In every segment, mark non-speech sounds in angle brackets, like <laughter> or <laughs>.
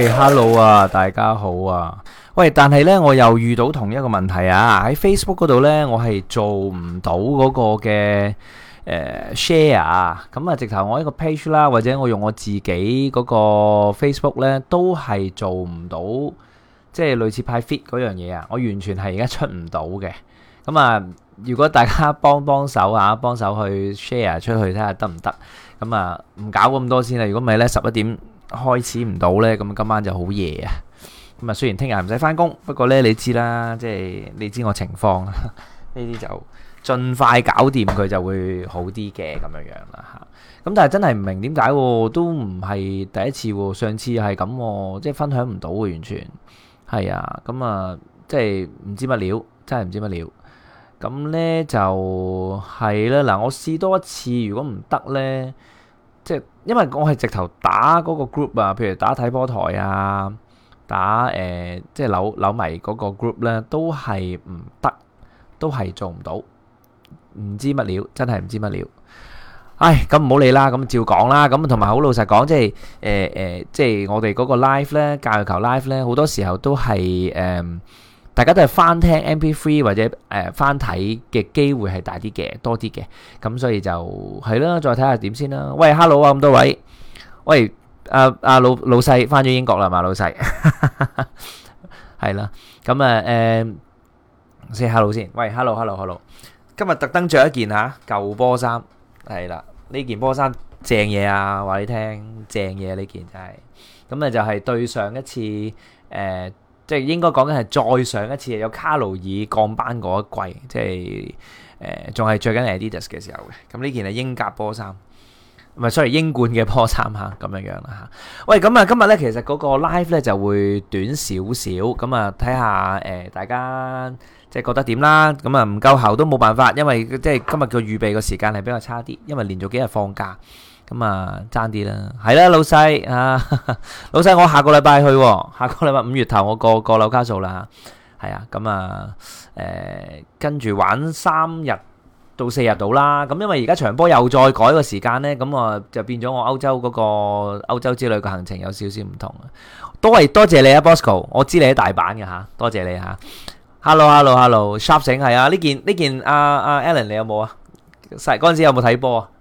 喂，hello 啊，Hello，大家好啊。喂，但係呢，我又遇到同一個問題啊。喺 Facebook 嗰度呢，我係做唔到嗰個嘅誒 share 啊。咁啊，直頭我一個 page 啦，或者我用我自己嗰個 Facebook 呢，都係做唔到，即係類似派 fit 嗰樣嘢啊。我完全係而家出唔到嘅。咁啊，如果大家幫幫手啊，幫手去 share 出去睇下得唔得？咁啊，唔搞咁多先啦，啊。如果唔係呢，十一點，開始唔到呢，咁今晚就好夜啊！咁啊，雖然聽日唔使返工，不過呢，你知啦，即係你知我情況啦。呢啲就盡快搞掂佢就會好啲嘅咁樣樣啦吓。咁但係真係唔明點解，都唔係第一次，上次係咁，即係分享唔到，完全係啊。咁啊，即係唔知乜料，真係唔知乜料。咁呢就係啦。嗱，我試多一次，如果唔得呢，即係。因為我係直頭打嗰個 group 啊，譬如打睇波台啊，打誒即係紐紐迷嗰個 group 咧，都係唔得，都係做唔到，唔知乜料，真係唔知乜料。唉，咁唔好理啦，咁照講啦，咁同埋好老實講，即係誒誒，即係我哋嗰個 Live 咧，界外球 Live 咧，好多時候都係誒。呃大家都係翻聽 MP3 或者誒翻睇嘅機會係大啲嘅多啲嘅，咁所以就係啦，再睇下點先啦。喂，hello 啊，咁多位，喂，阿阿老老細翻咗英國啦嘛，老細，係啦，咁啊誒先 hello 先，喂，hello hello hello，今日特登着一件啊舊波衫，係啦，呢件波衫正嘢啊，話你聽，正嘢呢件係，咁啊就係對上一次誒。即係應該講緊係再上一次，有卡路爾降班嗰一季，即係仲係著緊 Adidas 嘅時候嘅。咁呢件係英格波衫，唔係 sorry 英冠嘅波衫嚇咁樣樣啦嚇。喂，咁啊今日呢其實嗰個 live 呢就會短少少，咁啊睇下誒大家即係覺得點啦。咁啊唔夠喉都冇辦法，因為即係今日嘅預備個時間係比較差啲，因為連續幾日放假。咁啊，爭啲啦，係啦，老細啊，老細、啊，我下個禮拜去，下個禮拜五月頭我過過紐卡素啦，係啊，咁、嗯、啊，誒、嗯，跟住玩三日到四日到啦，咁因為而家場波又再改個時間咧，咁、嗯、啊就變咗我歐洲嗰、那個歐洲之旅嘅行程有少少唔同啊，都係多謝你啊，Bosco，我知你喺大阪嘅吓，多謝你吓，Hello，Hello，Hello，shopping 係啊，呢、啊、件呢件阿阿 Ellen 你有冇啊？細嗰陣時有冇睇波啊？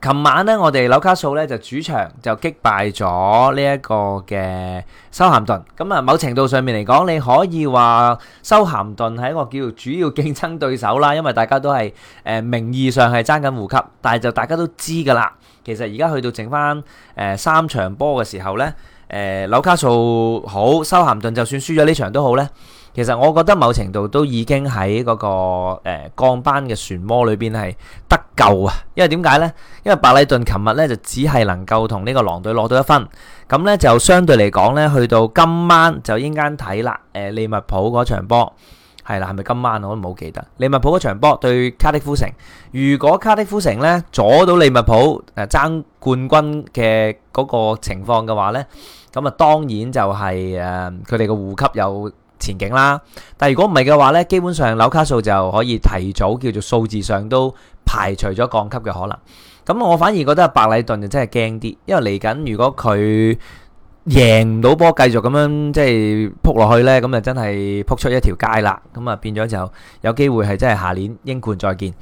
琴晚咧，我哋紐卡素咧就主場就擊敗咗呢一個嘅修咸頓。咁啊，某程度上面嚟講，你可以話修咸頓係一個叫主要競爭對手啦。因為大家都係誒、呃、名義上係爭緊護級，但係就大家都知噶啦。其實而家去到剩翻誒、呃、三場波嘅時候咧，誒、呃、紐卡素好，修咸頓就算輸咗呢場都好咧。其實我覺得某程度都已經喺嗰、那個誒降、呃、班嘅漩渦裏邊係得救啊！因為點解呢？因為白禮頓琴日咧就只係能夠同呢個狼隊攞到一分，咁咧就相對嚟講咧，去到今晚就陣間睇啦。誒、呃、利物浦嗰場波係啦，係咪、啊、今晚我都唔好記得利物浦嗰場波對卡迪夫城。如果卡迪夫城咧阻到利物浦誒爭、呃、冠軍嘅嗰個情況嘅話咧，咁啊當然就係誒佢哋嘅護級有。前景啦，但如果唔係嘅話呢，基本上紐卡素就可以提早叫做數字上都排除咗降級嘅可能。咁我反而覺得白禮頓就真係驚啲，因為嚟緊如果佢贏唔到波，繼續咁樣即係撲落去呢，咁就真係撲出一條街啦。咁啊變咗就有機會係真係下年英冠再見。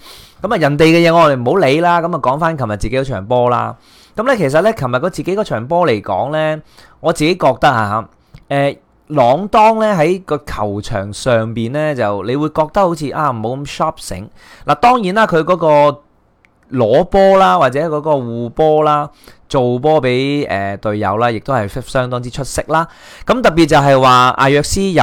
咁啊人哋嘅嘢我哋唔好理啦。咁啊講翻琴日自己嗰場波啦。咁呢其實呢，琴日個自己嗰場波嚟講呢，我自己覺得啊，誒、呃。朗當咧喺個球場上邊咧，就你會覺得好似啊唔好咁 shopping 嗱、啊，當然啦，佢嗰個攞波啦，或者嗰個護波啦，做波俾誒隊友啦，亦都係相當之出色啦。咁、啊、特別就係話阿約斯入。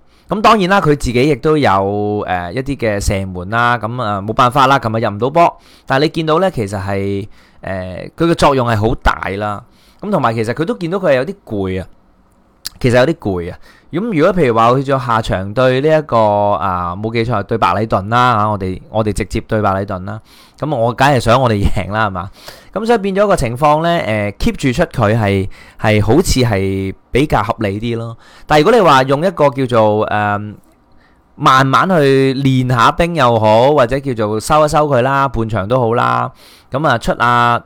咁當然啦，佢自己亦都有誒、呃、一啲嘅射門啦，咁啊冇辦法啦，琴日入唔到波。但係你見到咧，其實係誒佢嘅作用係好大啦。咁同埋其實佢都見到佢係有啲攰啊，其實有啲攰啊。咁如果譬如話，我叫做下場對呢一個啊，冇記錯對白禮頓啦嚇，我哋我哋直接對白禮頓啦。咁啊，我梗係想我哋贏啦，係嘛？咁所以變咗個情況咧，誒 keep 住出佢係係好似係比較合理啲咯。但係如果你話用一個叫做誒慢慢去練下兵又好，或者叫做收一收佢啦，半場都好啦，咁啊出啊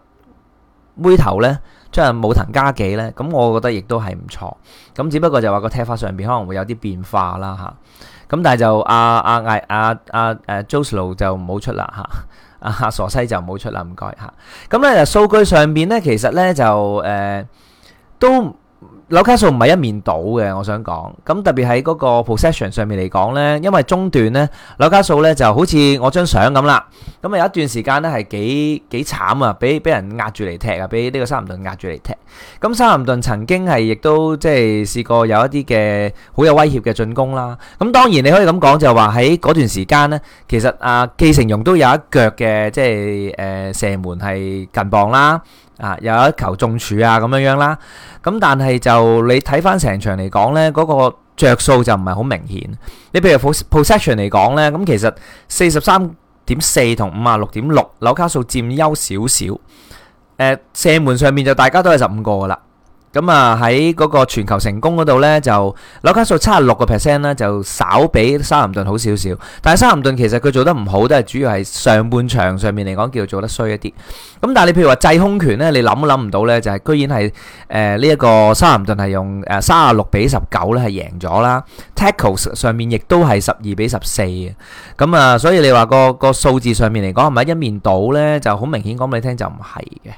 妹頭咧。即係武藤嘉紀咧，咁我覺得亦都係唔錯，咁只不過就話個踢法上邊可能會有啲變化啦嚇，咁但係就阿阿艾阿阿誒 Joselu 就唔好出啦嚇，阿、啊、哈、啊、傻西就唔好出啦唔該嚇，咁咧、啊啊、數據上邊咧其實咧就誒、呃、都。紐卡素唔係一面倒嘅，我想講，咁特別喺嗰個 position 上面嚟講呢，因為中段呢紐卡素呢就好似我張相咁啦，咁啊有一段時間呢係幾幾慘啊，俾俾人壓住嚟踢啊，俾呢個修咸頓壓住嚟踢，咁修咸頓曾經係亦都即係試過有一啲嘅好有威脅嘅進攻啦，咁當然你可以咁講就話喺嗰段時間呢，其實阿紀成容都有一腳嘅即係誒射門係近磅啦。啊，又有一球中柱啊，咁樣樣啦。咁但係就你睇翻成場嚟講呢，嗰個着數就唔係好明顯。你譬如 possession 嚟講呢，咁其實四十三點四同五十六點六，紐卡素佔優少少。誒、呃，射門上面就大家都係十五個噶啦。咁啊喺嗰個全球成功嗰度呢，就紐卡素七十六個 percent 呢，就少比沙林頓好少少。但係沙林頓其實佢做得唔好都係主要係上半場上面嚟講叫做得衰一啲。咁但係你譬如話制空權呢，你諗都諗唔到呢，就係居然係誒呢一個沙林頓係用誒三十六比十九呢係贏咗啦。Tackle、啊、上面亦都係十二比十四。咁啊，所以你話、嗰個、嗰個數字上面嚟講係咪一面倒呢？就好明顯講俾你聽就唔係嘅。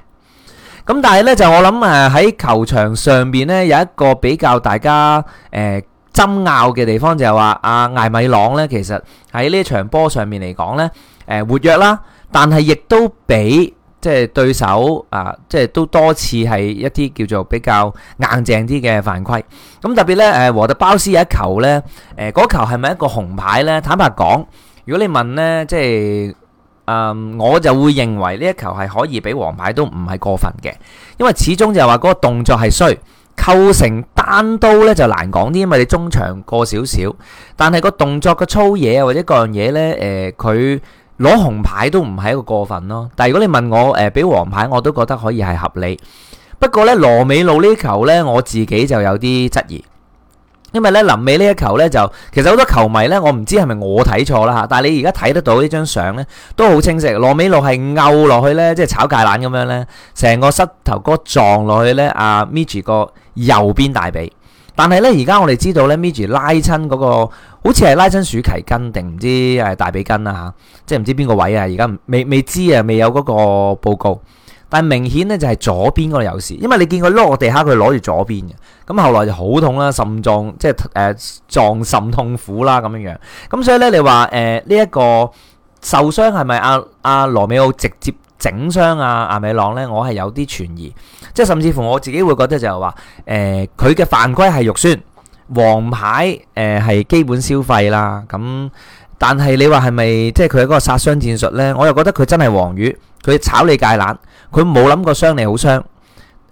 咁但係咧，就我諗誒喺球場上邊咧，有一個比較大家誒爭拗嘅地方，就係話阿艾米朗咧，其實喺呢一場波上邊嚟講咧，誒活躍啦，但係亦都俾即係對手啊，即係都多次係一啲叫做比較硬淨啲嘅犯規。咁特別咧，誒和特包斯一球咧，誒嗰球係咪一個紅牌咧？坦白講，如果你問咧即係。誒，um, 我就會認為呢一球係可以俾黃牌都唔係過分嘅，因為始終就係話嗰個動作係衰，構成單刀呢就難講啲，因為你中場過少少，但係個動作個粗嘢啊或者各樣嘢呢，誒、呃，佢攞紅牌都唔係一個過分咯。但係如果你問我誒俾、呃、黃牌，我都覺得可以係合理。不過呢，羅美路呢球呢，我自己就有啲質疑。因為咧臨尾呢一球咧就，其實好多球迷咧，我唔知係咪我睇錯啦吓，但係你而家睇得到呢張相咧都好清晰，羅美露係拗落去咧，即係炒芥蘭咁樣咧，成個膝頭哥撞落去咧，阿 Miz 個右邊大髀，但係咧而家我哋知道咧 Miz 拉親嗰個，好似係拉親鼠蹊筋定唔知誒大髀筋啦吓，即係唔知邊個位啊，而家未未知啊，未有嗰個報告。但明顯咧，就係、是、左邊嗰度有事，因為你見佢碌個地下，佢攞住左邊嘅咁，後來就好痛啦，腎、呃、撞即係誒撞腎痛苦啦咁樣樣咁，所以咧你話誒呢一個受傷係咪阿阿羅美奧直接整傷啊？阿、啊、美朗咧，我係有啲存疑，即係甚至乎我自己會覺得就係話誒佢嘅犯規係肉酸黃牌誒係、呃、基本消費啦咁，但係你話係咪即係佢嗰個殺傷戰術咧？我又覺得佢真係黃魚，佢炒你芥蘭。佢冇諗過傷，你好傷，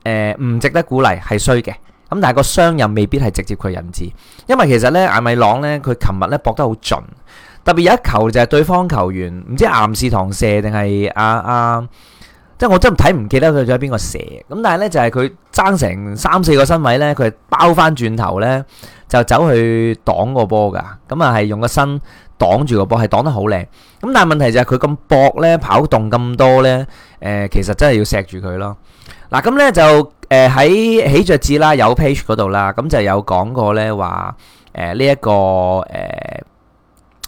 誒唔值得鼓勵，係衰嘅。咁但係個傷又未必係直接佢引致，因為其實咧艾米朗咧，佢琴日咧搏得好盡，特別有一球就係對方球員唔知岩士唐射定係啊啊，即係我真係睇唔記得佢仲喺邊個射咁。咁但係咧就係佢爭成三四個身位咧，佢係包返轉頭咧就走去擋個波㗎。咁啊係用個身擋住個波，係擋得好靚。咁但係問題就係佢咁搏咧，跑動咁多咧。誒、呃、其實真係要錫住佢咯。嗱、啊、咁呢就誒喺、呃、喜爵志啦，有 page 嗰度啦，咁就有講過呢話誒呢一個誒艾、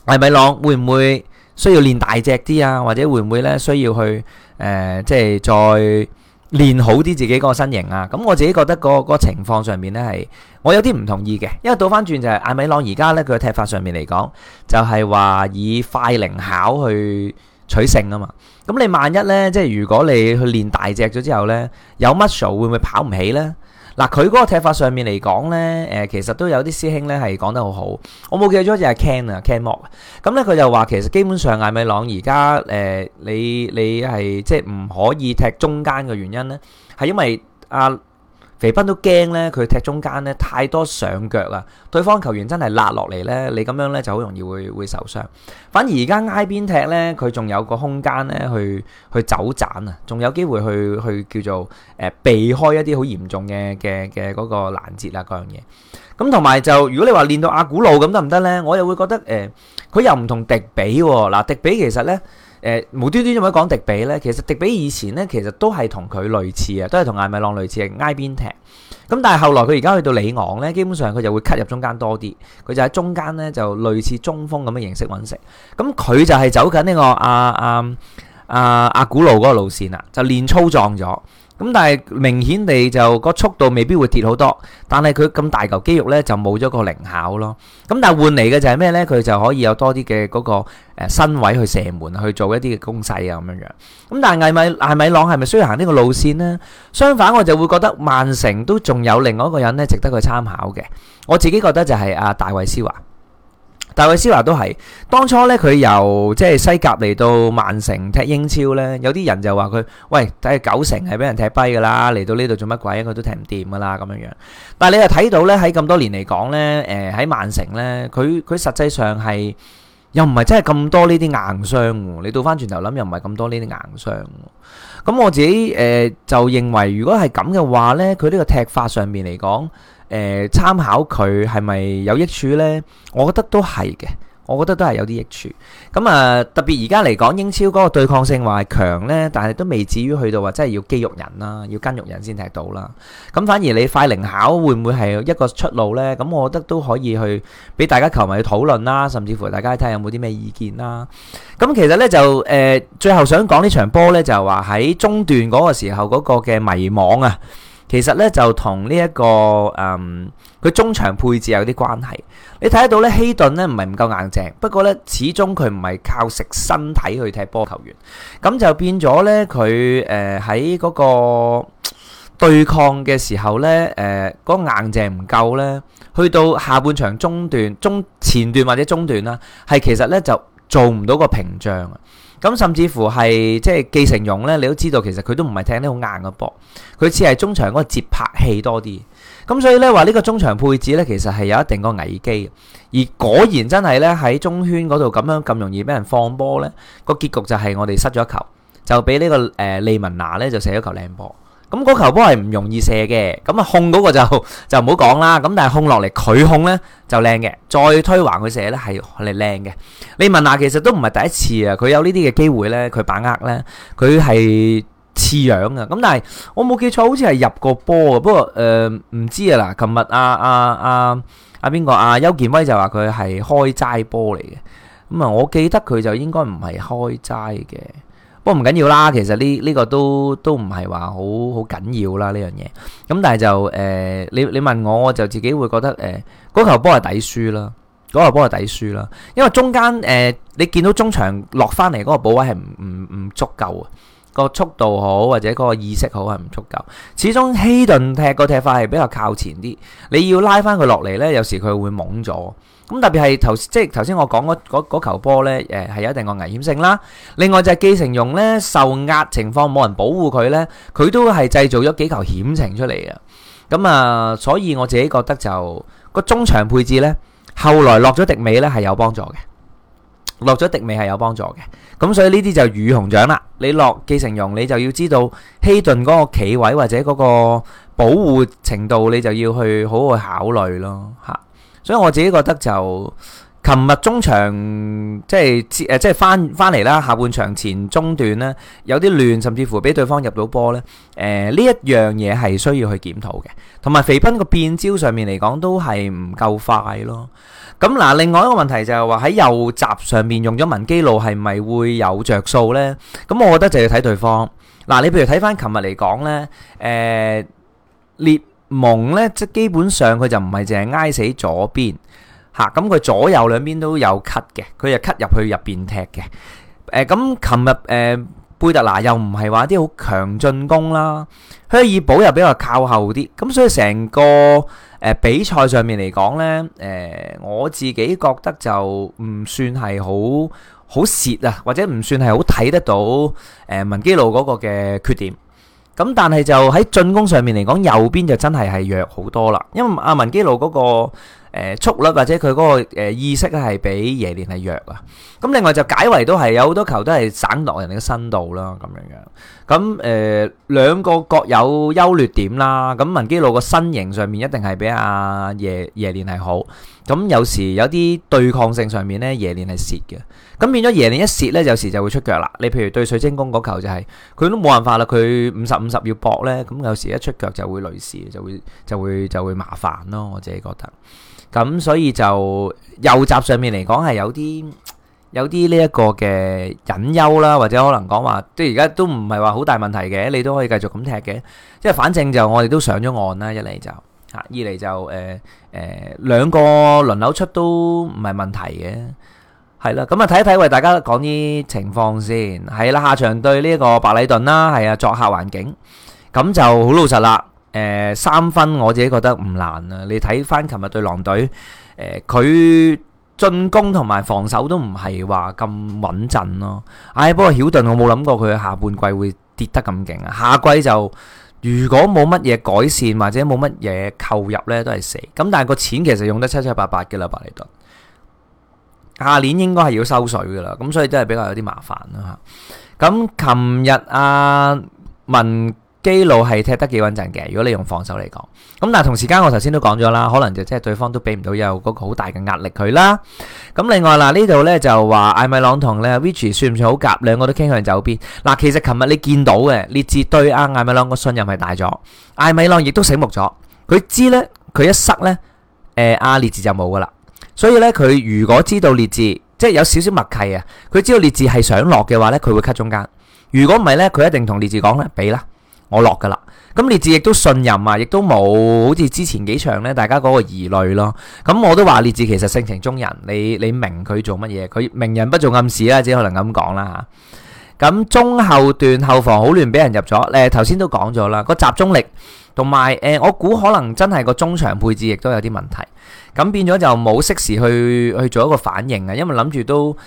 呃、米朗會唔會需要練大隻啲啊？或者會唔會呢需要去誒即係再練好啲自己嗰個身形啊？咁我自己覺得、那個那個情況上面呢，係我有啲唔同意嘅，因為倒翻轉就係、是、艾米朗而家呢，佢嘅踢法上面嚟講，就係、是、話以快靈巧去取勝啊嘛。咁你萬一咧，即係如果你去練大隻咗之後咧，有 muscle 會唔會跑唔起咧？嗱，佢嗰個踢法上面嚟講咧，誒其實都有啲師兄咧係講得好好。我冇記錯只係 Ken 啊，Ken Mo。咁咧佢就話其實基本上艾米朗而家誒，你你係即係唔可以踢中間嘅原因咧，係因為阿肥斌都驚咧，佢踢中間咧太多上腳啊！對方球員真係辣落嚟咧，你咁樣咧就好容易會會受傷。反而而家挨邊踢咧，佢仲有個空間咧去去走盞啊，仲有機會去去叫做誒、呃、避開一啲好嚴重嘅嘅嘅嗰個攔截啊嗰樣嘢。咁同埋就如果你話練到阿古路咁得唔得咧？我又會覺得誒，佢又唔同迪比喎、哦、嗱，呃、迪比其實咧。誒無端端做咩講迪比呢？其實迪比以前呢，其實都係同佢類似啊，都係同艾米朗類似，挨邊踢。咁但係後來佢而家去到里昂呢，基本上佢就會 cut 入中間多啲，佢就喺中間呢，就類似中鋒咁嘅形式揾食。咁佢就係走緊呢、呢個阿阿阿阿古路嗰個路線啦，就練粗壯咗。咁但係明顯地就個速度未必會跌好多，但係佢咁大嚿肌肉呢就冇咗個靈巧咯。咁但係換嚟嘅就係咩呢？佢就可以有多啲嘅嗰個身位去射門，去做一啲嘅攻勢啊咁樣樣。咁但係艾米艾米朗係咪需要行呢個路線呢？相反我就會覺得曼城都仲有另外一個人呢值得佢參考嘅。我自己覺得就係阿、啊、大衛斯華。大衛斯華都係，當初咧佢由即係西甲嚟到曼城踢英超咧，有啲人就話佢，喂，睇九成係俾人踢跛噶啦，嚟到呢度做乜鬼，佢都踢唔掂噶啦咁樣樣。但係你又睇到咧，喺咁多年嚟講咧，誒、呃、喺曼城咧，佢佢實際上係又唔係真係咁多呢啲硬傷。你倒翻轉頭諗又唔係咁多呢啲硬傷。咁我自己誒、呃、就認為，如果係咁嘅話咧，佢呢個踢法上面嚟講。誒，參、呃、考佢係咪有益處呢？我覺得都係嘅，我覺得都係有啲益處。咁啊，特別而家嚟講英超嗰個對抗性話係強呢，但係都未至於去到話真係要肌肉人啦，要筋肉人先踢到啦。咁反而你快靈巧會唔會係一個出路呢？咁我覺得都可以去俾大家球迷去討論啦，甚至乎大家睇下有冇啲咩意見啦。咁其實呢，就誒、呃，最後想講呢場波呢，就係話喺中段嗰個時候嗰個嘅迷惘啊。其實咧就同呢一個誒，佢、嗯、中場配置有啲關係。你睇得到咧希頓咧唔係唔夠硬淨，不過咧始終佢唔係靠食身體去踢波球員，咁就變咗咧佢誒喺嗰個對抗嘅時候咧誒嗰個硬淨唔夠咧，去到下半場中段、中前段或者中段啦，係其實咧就做唔到個屏障啊！咁甚至乎係即係繼承容咧，你都知道其實佢都唔係踢得好硬嘅波，佢似係中場嗰個節拍器多啲。咁所以咧話呢個中場配置咧，其實係有一定個危機嘅。而果然真係咧喺中圈嗰度咁樣咁容易俾人放波咧，個結局就係我哋失咗球，就俾呢、這個誒、呃、利文拿咧就射咗球靚波。咁嗰球波係唔容易射嘅，咁啊控嗰個就就唔好講啦。咁但係控落嚟佢控咧就靚嘅，再推橫佢射咧係嚟靚嘅。你問下其實都唔係第一次啊，佢有呢啲嘅機會咧，佢把握咧，佢係似樣啊。咁但係我冇記錯，好似係入過波啊。不過誒，唔知啊嗱，琴日阿阿阿阿邊個阿邱建威就話佢係開齋波嚟嘅。咁啊，我記得佢就應該唔係開齋嘅。不過、這個、都唔緊要啦，其實呢呢個都都唔係話好好緊要啦呢樣嘢。咁但係就誒、呃，你你問我，我就自己會覺得誒，嗰、呃、球波係抵輸啦，嗰球波係抵輸啦。因為中間誒、呃，你見到中場落翻嚟嗰個補位係唔唔唔足夠啊，嗰個速度好或者嗰個意識好係唔足夠。始終希頓踢個踢法係比較靠前啲，你要拉翻佢落嚟呢，有時佢會懵咗。咁特別係頭即係頭先我講嗰嗰嗰球波呢，誒係有一定個危險性啦。另外就係繼承容呢受壓情況，冇人保護佢呢，佢都係製造咗幾球險情出嚟嘅。咁啊，所以我自己覺得就個中場配置呢，後來落咗迪美呢係有幫助嘅，落咗迪美係有幫助嘅。咁所以呢啲就魚與熊掌啦。你落繼承容，你就要知道希頓嗰個企位或者嗰個保護程度，你就要去好好考慮咯，嚇。所以我自己覺得就琴日中場即係誒即係翻翻嚟啦，下半場前中段咧有啲亂，甚至乎俾對方入到波咧。誒呢一樣嘢係需要去檢討嘅。同埋肥斌個變招上面嚟講都係唔夠快咯。咁嗱，另外一個問題就係話喺右閘上面用咗文基路係咪會有著數咧？咁我覺得就要睇對方嗱。你譬如睇翻琴日嚟講咧，誒列。蒙咧，即基本上佢就唔係淨係挨死左邊吓，咁佢左右兩邊都有 cut 嘅，佢就 cut 入去入邊踢嘅。誒、呃，咁琴日誒、貝、呃、特拿又唔係話啲好強進攻啦，香爾堡又比較靠後啲，咁、嗯、所以成個誒、呃、比賽上面嚟講咧，誒、呃，我自己覺得就唔算係好好蝕啊，或者唔算係好睇得到誒、呃、文基路嗰個嘅缺點。咁但係就喺進攻上面嚟講，右邊就真係係弱好多啦。因為阿文基路嗰個速率，或者佢嗰個意識咧係比耶連係弱啊。咁另外就解圍都係有好多球都係省落人哋嘅身度啦，咁樣樣。咁誒、呃、兩個各有優劣點啦。咁文基路個身形上面一定係比阿、啊、耶耶連係好。咁有時有啲對抗性上面呢，夜練係蝕嘅。咁變咗夜練一蝕呢，有時就會出腳啦。你譬如對水晶宮嗰球就係、是，佢都冇辦法啦。佢五十五十要搏呢。咁有時一出腳就會累事，就會就會就會，就會麻煩咯。我自己覺得。咁所以就右閘上面嚟講係有啲有啲呢一個嘅隱憂啦，或者可能講話，即係而家都唔係話好大問題嘅，你都可以繼續咁踢嘅。即係反正就我哋都上咗岸啦，一嚟就。吓，二嚟就誒誒，兩個輪流出都唔係問題嘅，係啦。咁啊，睇一睇為大家講啲情況先。係啦，下場對呢一個白禮頓啦，係啊，作客環境咁就好老實啦。誒，三分我自己覺得唔難啊。你睇翻琴日對狼隊，誒，佢進攻同埋防守都唔係話咁穩陣咯。唉，不過曉頓我冇諗過佢下半季會跌得咁勁啊。下季就。如果冇乜嘢改善或者冇乜嘢購入呢，都係死。咁但係個錢其實用得七七八八嘅啦，白禮頓。下年應該係要收水噶啦，咁所以都係比較有啲麻煩啦吓。咁琴日啊文。基路係踢得幾穩陣嘅。如果你用防守嚟講，咁但係，同時間我頭先都講咗啦，可能就即係對方都俾唔到有嗰個好大嘅壓力佢啦。咁另外嗱，呢度咧就話艾米朗同咧 Ritchie 算唔算好夾？兩個都傾向走邊嗱？其實琴日你見到嘅列治對阿艾米朗個信任係大咗，艾米朗亦都醒目咗。佢知咧佢一塞咧，誒、呃、阿列治就冇噶啦。所以咧，佢如果知道列治即係、就是、有少少默契啊，佢知道列治係想落嘅話咧，佢會 cut 中間。如果唔係咧，佢一定同列治講啦，俾啦。我落噶啦，咁列治亦都信任啊，亦都冇好似之前幾場呢，大家嗰個疑慮咯。咁我都話列治其實性情中人，你你明佢做乜嘢，佢明人不做暗事啦，啊，只可能咁講啦吓。咁中後段後防好亂，俾人入咗。誒、呃，頭先都講咗啦，個集中力同埋誒，我估可能真係個中場配置亦都有啲問題。咁變咗就冇適時去去做一個反應啊，因為諗住都。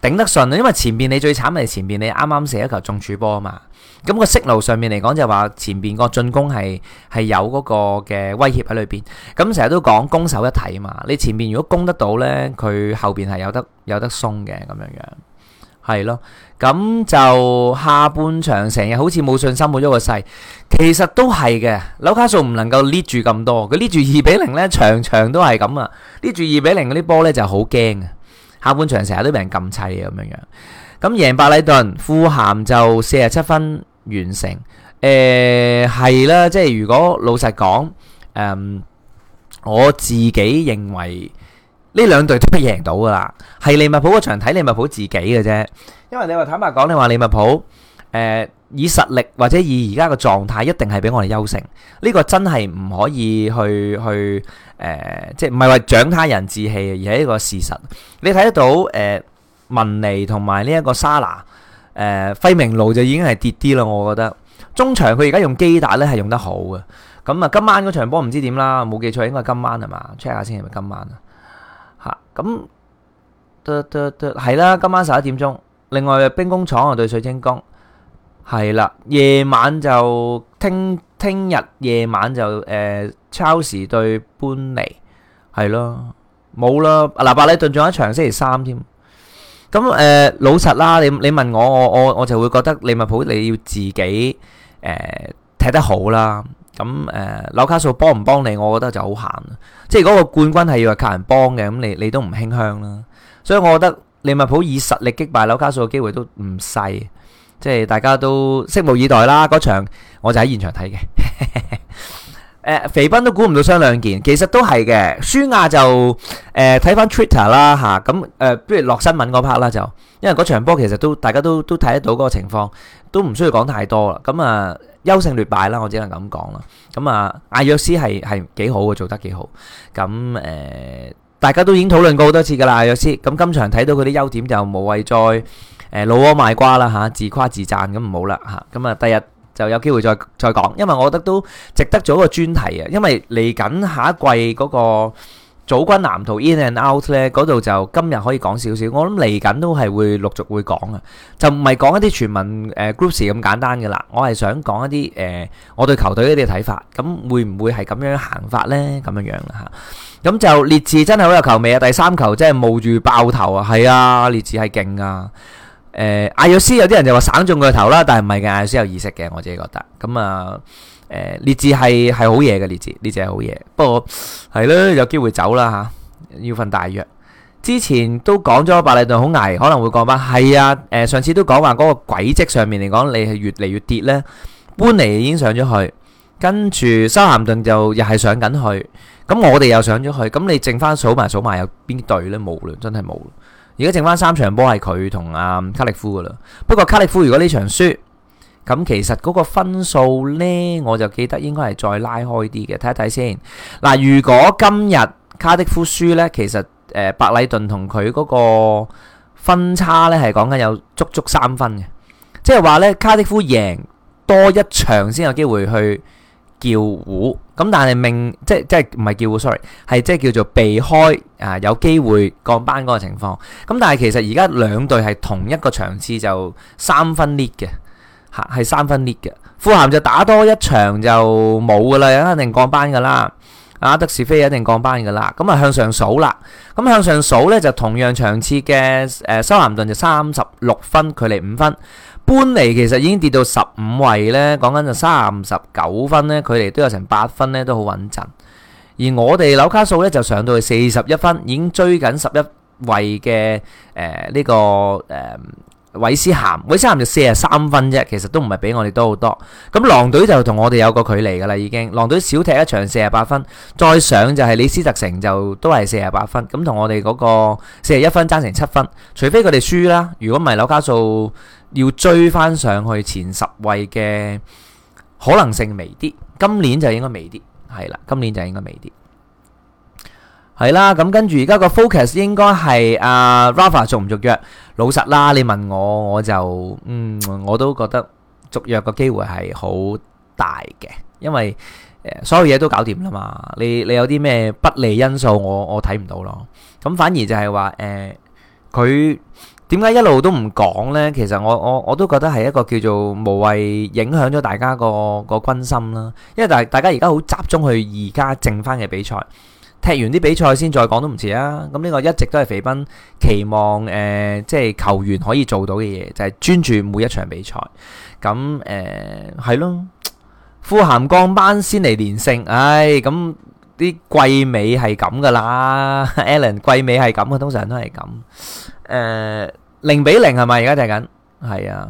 頂得順啊！因為前邊你最慘係前邊你啱啱射一球中柱波啊嘛，咁、那個息路上面嚟講就話前邊個進攻係係有嗰個嘅威脅喺裏邊，咁成日都講攻守一體啊嘛，你前面如果攻得到呢，佢後邊係有得有得鬆嘅咁樣樣，係咯，咁就下半場成日好似冇信心冇咗個勢，其實都係嘅，紐卡素唔能夠 lead 住咁多，佢 lead 住二比零呢，場場都係咁啊，lead 住二比零嗰啲波呢，就好驚啊！下半場成日都俾人撳砌嘅咁樣樣，咁贏白禮頓，富咸就四十七分完成。誒係啦，即係如果老實講，誒我自己認為呢兩隊都不贏到噶啦，係利物浦個場睇利物浦自己嘅啫，因為你話坦白講，你話利物浦誒。以實力或者以而家嘅狀態，一定係俾我哋優勝。呢個真係唔可以去去誒，即係唔係話長他人志氣，而係一個事實。你睇得到誒文尼同埋呢一個沙拿誒輝明路就已經係跌啲啦。我覺得中場佢而家用機打咧係用得好嘅。咁啊，今晚嗰場波唔知點啦，冇記錯應該今晚係嘛，Check 下先，係咪今晚啊？嚇，噉，得得得係啦，今晚十一點鐘。另外兵工廠對水晶宮。係啦，夜晚就聽聽日夜晚就誒車路士對般尼係咯，冇啦。嗱，白禮頓仲有一場星期三添。咁誒、呃，老實啦，你你問我我我，我就會覺得利物浦你要自己誒、呃、踢得好啦。咁、嗯、誒，紐、呃、卡素幫唔幫你？我覺得就好閒，即係嗰個冠軍係要靠人幫嘅。咁你你都唔傾向啦。所以我覺得利物浦以實力擊敗紐卡素嘅機會都唔細。即係大家都拭目以待啦！嗰場我就喺現場睇嘅。誒，肥斌都估唔到輸兩件，其實都係嘅。舒亞就誒睇翻 Twitter 啦吓，咁誒不如落新聞嗰 part 啦就，因為嗰場波其實都大家都都睇得到嗰個情況，都唔需要講太多啦。咁啊，優勝劣敗啦，我只能咁講啦。咁啊，艾約斯係係幾好嘅，做得幾好。咁誒，大家都已經討論過好多次噶啦，艾約斯。咁今場睇到佢啲優點就無謂再。誒老蝸賣瓜啦嚇，自誇自讚咁唔好啦嚇。咁啊，第日就有機會再再講，因為我覺得都值得做一個專題啊。因為嚟緊下，下一季嗰個組軍藍圖 in and out 咧，嗰度就今日可以講少少。我諗嚟緊都係會陸續會講啊，就唔係講一啲全民誒 groups 咁簡單嘅啦。我係想講一啲誒、呃，我對球隊呢啲睇法，咁會唔會係咁樣行法呢？咁樣樣啦嚇。咁就列治真係好有球味啊！第三球真係冒住爆頭啊，係啊，列治係勁啊！誒，艾約斯有啲人就話省中佢頭啦，但係唔係嘅，艾約斯有意識嘅，我自己覺得咁啊。誒，列志係係好嘢嘅。列志呢只係好嘢，不過係咯，有機會走啦吓，要份大約之前都講咗百利頓好危，可能會降翻係啊。誒，上次都講話嗰個軌跡上面嚟講，你係越嚟越跌咧，搬嚟已經上咗去，跟住修咸頓就又係上緊去，咁我哋又上咗去，咁你剩翻數埋數埋有邊隊咧？冇啦，真係冇。而家剩翻三場波係佢同阿卡迪夫噶啦，不過卡迪夫如果呢場輸，咁其實嗰個分數呢，我就記得應該係再拉開啲嘅。睇一睇先，嗱、啊，如果今日卡迪夫輸呢，其實誒、呃，白禮頓同佢嗰個分差呢，係講緊有足足三分嘅，即係話呢，卡迪夫贏多一場先有機會去。叫胡，咁但係命即即係唔係叫胡，sorry，係即係叫做避開啊有機會降班嗰個情況。咁但係其實而家兩隊係同一個場次就三分 lead 嘅，係三分 lead 嘅。富咸就打多一場就冇噶啦，一定降班噶啦。阿德士菲一定降班噶啦。咁啊向上數啦，咁向上數咧就同樣場次嘅誒，修咸頓就三十六分，距離五分。搬嚟其實已經跌到十五位呢，講緊就三十九分呢，距離都有成八分呢，都好穩陣。而我哋紐卡素呢，就上到去四十一分，已經追緊十一位嘅誒呢個誒。呃韋斯咸，韋斯咸就四十三分啫，其實都唔係比我哋多好多。咁狼隊就同我哋有個距離噶啦，已經狼隊少踢一場四十八分，再上就係李斯特城就都係四十八分，咁同我哋嗰個四十一分爭成七分。除非佢哋輸啦，如果唔係紐卡素要追翻上去前十位嘅可能性微啲，今年就應該微啲，係啦，今年就應該微啲。係啦，咁跟住而家個 focus 應該係阿 Rafa 續唔續約？老實啦，你問我，我就嗯，我都覺得續約個機會係好大嘅，因為誒所有嘢都搞掂啦嘛。你你有啲咩不利因素，我我睇唔到咯。咁反而就係話誒，佢點解一路都唔講呢？其實我我我都覺得係一個叫做無謂影響咗大家個個軍心啦。因為大大家而家好集中去而家剩翻嘅比賽。踢完啲比賽先再講都唔遲啊！咁呢個一直都係肥斌期望誒，即係球員可以做到嘅嘢，就係專注每一場比賽。咁誒係咯，富咸降班先嚟連勝，唉咁啲季尾係咁噶啦。Allen 季尾係咁嘅，通常都係咁。誒零比零係咪而家就係緊？係啊。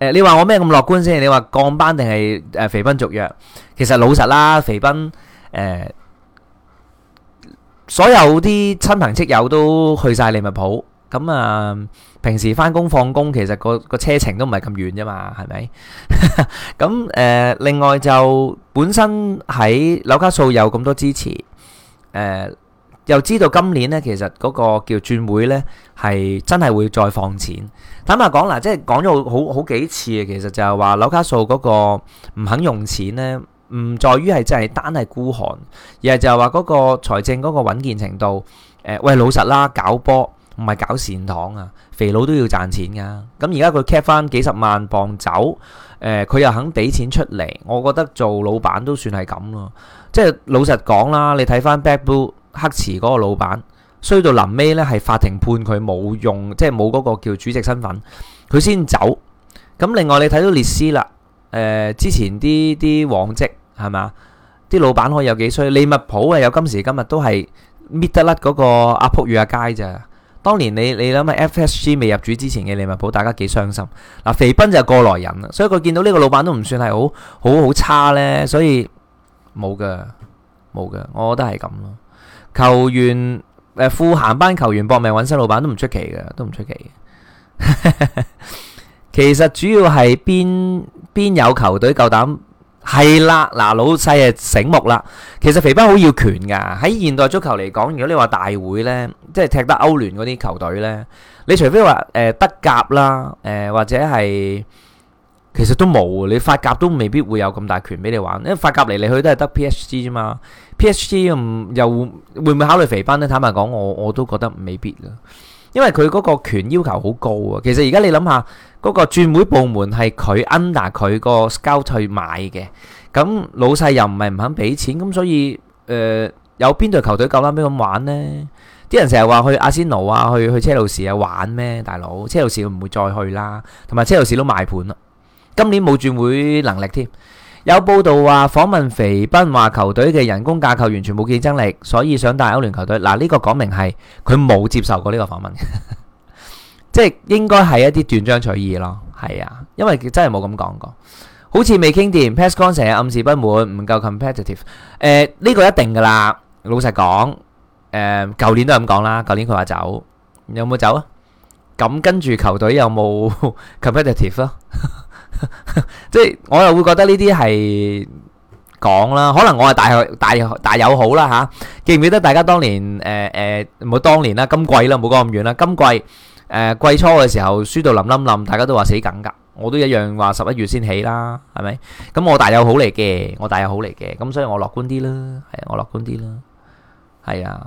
誒你話我咩咁樂觀先？你話降班定係誒肥斌續約？其實老實啦，肥斌誒。所有啲親朋戚友都去曬利物浦，咁啊平時翻工放工，其實個個車程都唔係咁遠啫嘛，係咪？咁誒，另外就本身喺紐卡素有咁多支持，誒又知道今年咧，其實嗰個叫轉會咧係真係會再放錢。坦白講嗱，即係講咗好好幾次，其實就係話紐卡素嗰個唔肯用錢咧。唔在於係真係單係孤寒，而係就係話嗰個財政嗰個穩健程度。誒喂，老實啦，搞波唔係搞善堂啊，肥佬都要賺錢㗎。咁而家佢 cap 翻幾十萬磅走，誒佢又肯俾錢出嚟，我覺得做老闆都算係咁咯。即係老實講啦，你睇翻 Blackpool 黑池嗰個老闆衰到臨尾咧，係法庭判佢冇用，即係冇嗰個叫主席身份，佢先走。咁另外你睇到列斯啦，誒之前啲啲往績。係嘛？啲老闆可以有幾衰？利物浦啊，有今時今日都係搣得甩嗰個阿撲與阿佳咋。當年你你諗下 FSG 未入主之前嘅利物浦，大家幾傷心。嗱、啊，肥斌就係過來人啦，所以佢見到呢個老闆都唔算係好好好差呢，所以冇噶，冇噶，我覺得係咁咯。球員誒、呃，副行班球員搏命揾新老闆都唔出奇嘅，都唔出奇嘅。奇 <laughs> 其實主要係邊邊有球隊夠膽。係啦，嗱，老細啊，醒目啦。其實肥賓好要權噶，喺現代足球嚟講，如果你話大會咧，即係踢得歐聯嗰啲球隊咧，你除非話誒德甲啦，誒或者係其實都冇，你法甲都未必會有咁大權俾你玩，因為法甲嚟嚟去都係得 P S G 啫嘛，P S G 唔又會唔會考慮肥賓咧？坦白講，我我都覺得未必啊。因為佢嗰個權要求好高啊！其實而家你諗下，嗰、那個轉會部門係佢 under 佢個 scout 去買嘅，咁老細又唔係唔肯俾錢，咁所以誒、呃、有邊隊球隊夠膽俾咁玩呢？啲人成日話去阿仙奴啊，去去車路士啊玩咩？大佬車路士唔會再去啦，同埋車路士都賣盤啦，今年冇轉會能力添。有報道話訪問肥斌話球隊嘅人工架構完全冇競爭力，所以想帶歐聯球隊。嗱、啊、呢、這個講明係佢冇接受過呢個訪問， <laughs> 即係應該係一啲斷章取義咯。係啊，因為真係冇咁講過，好似未傾掂。Pascon 成日暗示不滿，唔夠 competitive。誒、呃、呢、這個一定噶啦，老實講，誒、呃、舊年都係咁講啦。舊年佢話走，有冇走啊？咁跟住球隊有冇 competitive 咯？ <laughs> 即係，我又會覺得呢啲係講啦，可能我係大大大友好啦吓，記唔記得大家當年誒誒，冇當年啦，今季啦，冇講咁遠啦，今季誒季初嘅時候，輸到冧冧冧，大家都話死梗噶，我都一樣話十一月先起啦，係咪？咁我大友好嚟嘅。我大友好嚟嘅，咁所以我樂觀啲啦，係啊，我樂觀啲啦，係啊。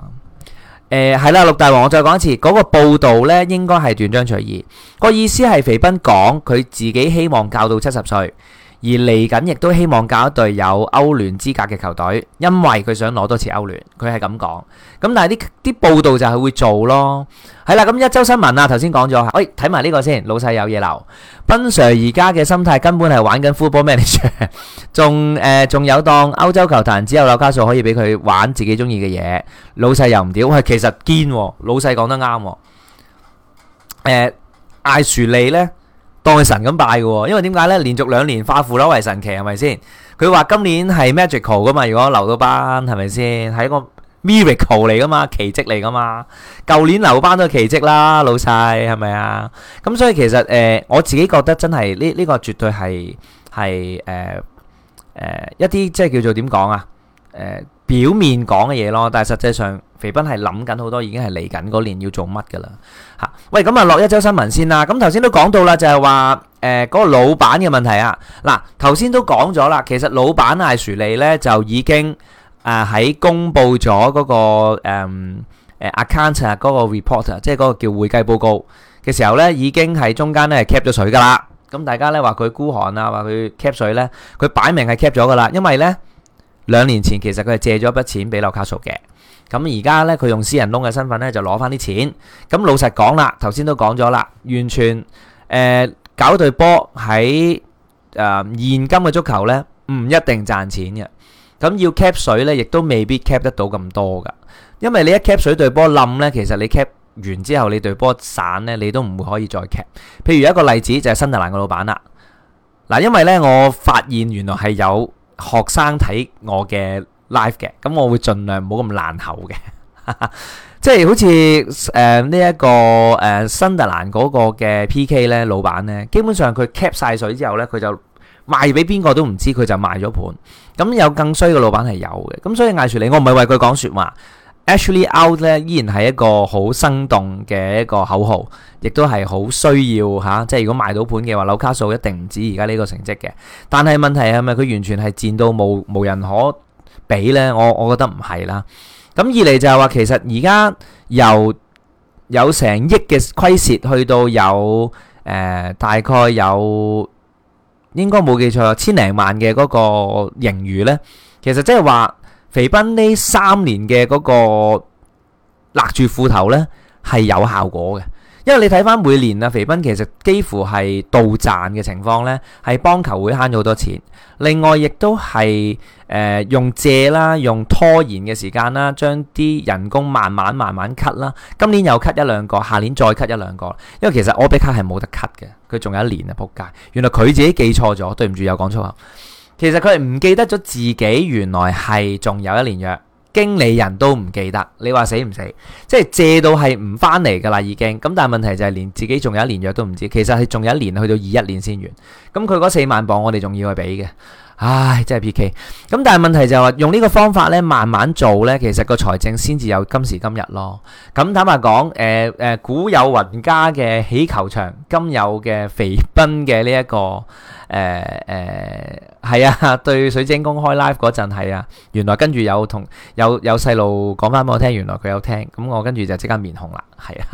誒，係啦、嗯，陸大王，我再講一次，嗰、嗰個報道呢，應該係斷章取義，嗰個意思係肥斌講佢自己希望教到七十歲。而嚟緊亦都希望教一隊有歐聯資格嘅球隊，因為佢想攞多次歐聯，佢係咁講。咁但係啲啲報道就係會做咯。係啦，咁一週新聞啊，頭先講咗嚇。喂，睇埋呢個先，老細有嘢流。Ben Sir 而家嘅心態根本係玩緊 Football Manager，仲誒仲有當歐洲球壇只有紐卡素可以俾佢玩自己中意嘅嘢。老細又唔屌，喂，其實堅喎。老細講得啱喎。誒，艾殊利呢。當係神咁拜嘅，因為點解咧？連續兩年化腐朽為神奇係咪先？佢話今年係 magical 噶嘛，如果留到班係咪先？係一個 miracle 嚟噶嘛，奇蹟嚟噶嘛。舊年留班都係奇蹟啦，老細係咪啊？咁所以其實誒、呃，我自己覺得真係呢呢個絕對係係誒誒一啲即係叫做點講啊？誒、呃，表面講嘅嘢咯，但係實際上。肥斌係諗緊好多，已經係嚟緊嗰年要做乜㗎啦嚇。喂，咁啊，落一週新聞先啦。咁頭先都講到啦，就係話誒嗰個老闆嘅問題啊。嗱，頭先都講咗啦，其實老闆艾殊利咧就已經啊喺公佈咗嗰個誒誒 account 嗰個 report，即係嗰個叫會計報告嘅時候咧，已經係中間咧 cap 咗水㗎啦。咁大家咧話佢孤寒啊，話佢 cap 水咧，佢擺明係 cap 咗㗎啦，因為咧兩年前其實佢係借咗一筆錢俾紐卡素嘅。咁而家呢，佢用私人窿嘅身份呢，就攞翻啲錢。咁老實講啦，頭先都講咗啦，完全誒、呃、搞對波喺誒現今嘅足球呢，唔一定賺錢嘅。咁要 cap 水呢，亦都未必 cap 得到咁多㗎。因為你一 cap 水對波冧呢，其實你 cap 完之後，你對波散呢，你都唔會可以再 cap。譬如一個例子就係、是、新特蘭嘅老闆啦。嗱，因為呢，我發現原來係有學生睇我嘅。live 嘅，咁我會盡量唔 <laughs> 好咁爛口嘅，即係好似誒呢一個誒、呃、新特蘭嗰個嘅 P.K 咧，老闆咧，基本上佢 cap 晒水之後咧，佢就賣俾邊個都唔知，佢就賣咗盤。咁有更衰嘅老闆係有嘅，咁所以嗌住你，我唔係為佢講說話。 <laughs> Actually out 咧，依然係一個好生動嘅一個口號，亦都係好需要吓。即係如果賣到盤嘅話，紐卡素一定唔止而家呢個成績嘅。但係問題係咪佢完全係賤到冇無，無人可？比咧，我我覺得唔係啦。咁二嚟就係話，其實而家由有成億嘅虧蝕去到有誒、呃，大概有應該冇記錯，千零萬嘅嗰個盈餘咧，其實即係話肥斌呢三年嘅嗰個勒住褲頭咧，係有效果嘅。因為你睇翻每年啊，肥斌其實幾乎係到賺嘅情況呢，係幫球會慳咗好多錢。另外，亦都係誒，用借啦，用拖延嘅時間啦，將啲人工慢慢慢慢 cut 啦。今年又 cut 一兩個，下年再 cut 一兩個。因為其實奧比卡係冇得 cut 嘅，佢仲有一年啊！仆街，原來佢自己記錯咗，對唔住，又講粗口。其實佢係唔記得咗自己原來係仲有一年約。經理人都唔記得，你話死唔死？即係借到係唔返嚟㗎啦，已經。咁但係問題就係連自己仲有一年約都唔知，其實係仲有一年去到二一年先完。咁佢嗰四萬磅我哋仲要去俾嘅。唉，真係 PK。咁但係問題就係話用呢個方法咧，慢慢做咧，其實個財政先至有今時今日咯。咁坦白講，誒誒，古有雲家嘅起球場，今有嘅肥斌嘅呢一個誒誒，係啊，對水晶宮開 live 嗰陣，係啊，原來跟住有同有有細路講翻俾我聽，原來佢有聽。咁我跟住就即刻面紅啦，係啊。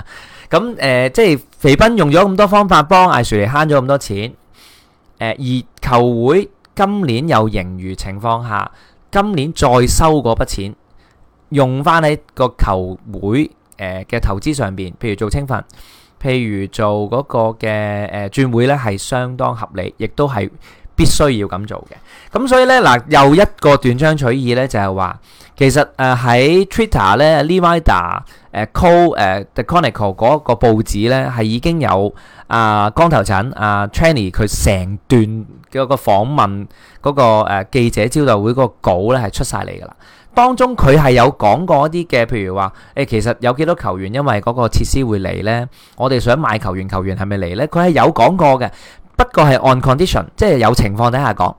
咁誒，即係肥斌用咗咁多方法幫艾樹嚟慳咗咁多錢，誒而球會。今年有盈餘情況下，今年再收嗰筆錢，用翻喺個球會誒嘅投資上邊，譬如做青訓，譬如做嗰個嘅誒轉會呢，係相當合理，亦都係，必須要咁做嘅，咁所以咧嗱，又一個斷章取義咧，就係話其實誒喺 Twitter 咧，Lee Ryder 誒 Co 誒 The Chronicle 嗰個報紙咧，係已經有阿光頭陣阿 Charnley 佢成段嘅個訪問嗰個誒記者招待會個稿咧係出曬嚟㗎啦。當中佢係有講過一啲嘅，譬如話誒，其實有幾多球員因為嗰個設施會嚟咧，我哋想買球員，球員係咪嚟咧？佢係有講過嘅。不過係 on condition，即係有情況底下講，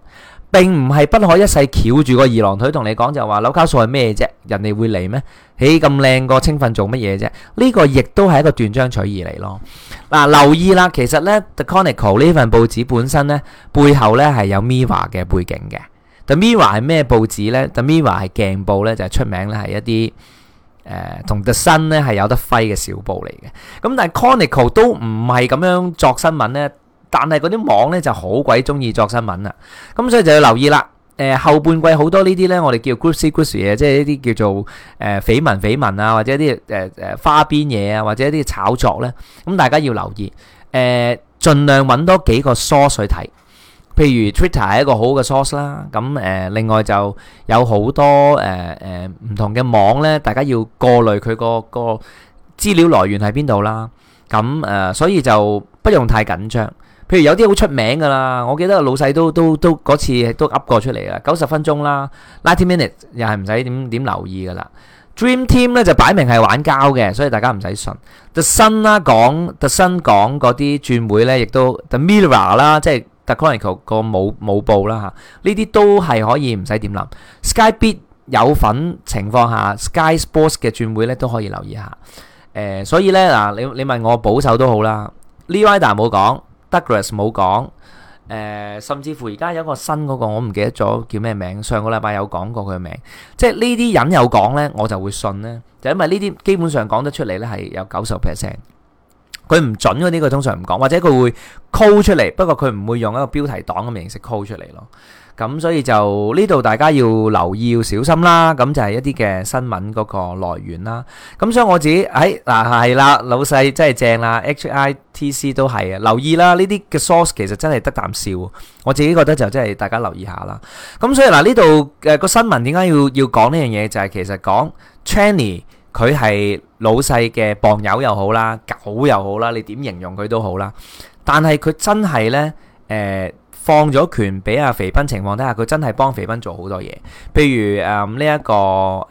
並唔係不可一世翹住個二郎腿同你講就話紐卡素係咩啫？人哋會嚟咩？起咁靚個青訓做乜嘢啫？呢個亦都係一個斷章取義嚟咯。嗱、啊，留意啦，其實呢 The Chronicle 呢份報紙本身呢，背後呢係有 Mirror 嘅背景嘅。The Mirror 係咩報紙呢？The Mirror 係鏡報呢，就係、是、出名呢係一啲誒同 The Sun 係有得揮嘅小報嚟嘅。咁、嗯、但係 Chronicle 都唔係咁樣作新聞呢。但係嗰啲網咧就好鬼中意作新聞啦，咁所以就要留意啦。誒後半季好多呢啲咧，我哋叫 gossip gossip 嘅，即係一啲叫做誒緋聞緋聞啊，或者啲誒誒花邊嘢啊，或者啲炒作咧，咁大家要留意。誒，儘量揾多幾個 Source 去睇，譬如 Twitter 係一個好嘅 Source 啦。咁誒，另外就有好多誒誒唔同嘅網咧，大家要過濾佢個個資料來源喺邊度啦。咁誒，所以就不用太緊張。譬如有啲好出名噶啦，我記得老細都都都嗰次都噏過出嚟啦，九十分鐘啦，Ninety Minutes 又係唔使點點留意噶啦。Dream Team 咧就擺明係玩交嘅，所以大家唔使信。The Sun 啦，講 The Sun 講嗰啲轉會咧，亦都 The Mirror 啦，即係 The Chronicle 個舞舞報啦嚇，呢啲都係可以唔使點諗。Sky Beat 有份情況下，Sky Sports 嘅轉會咧都可以留意下。誒，所以咧嗱，你你問我保守都好啦，Lee Ryder 冇講。Douglas 冇講，誒，甚至乎而家有個新嗰個，我唔記得咗叫咩名。上個禮拜有講過佢嘅名，即係呢啲人有講咧，我就會信咧，就因為呢啲基本上講得出嚟咧係有九十 percent，佢唔準嗰啲，佢通常唔講，或者佢會 call 出嚟，不過佢唔會用一個標題黨咁嘅形式 call 出嚟咯。咁所以就呢度大家要留意要小心啦，咁就係一啲嘅新聞嗰個來源啦。咁所以我自己，誒嗱係啦，老細真係正啦，HITC 都係啊，留意啦。呢啲嘅 source 其實真係得啖笑，我自己覺得就真係大家留意下啦。咁所以嗱呢度誒個新聞點解要要講呢樣嘢？就係其實講 Charnley，佢係老細嘅幫友又好啦，狗又好啦，你點形容佢都好啦。但係佢真係呢，誒。放咗權俾阿肥斌情況底下，佢真係幫肥斌做好多嘢。譬如誒呢一個誒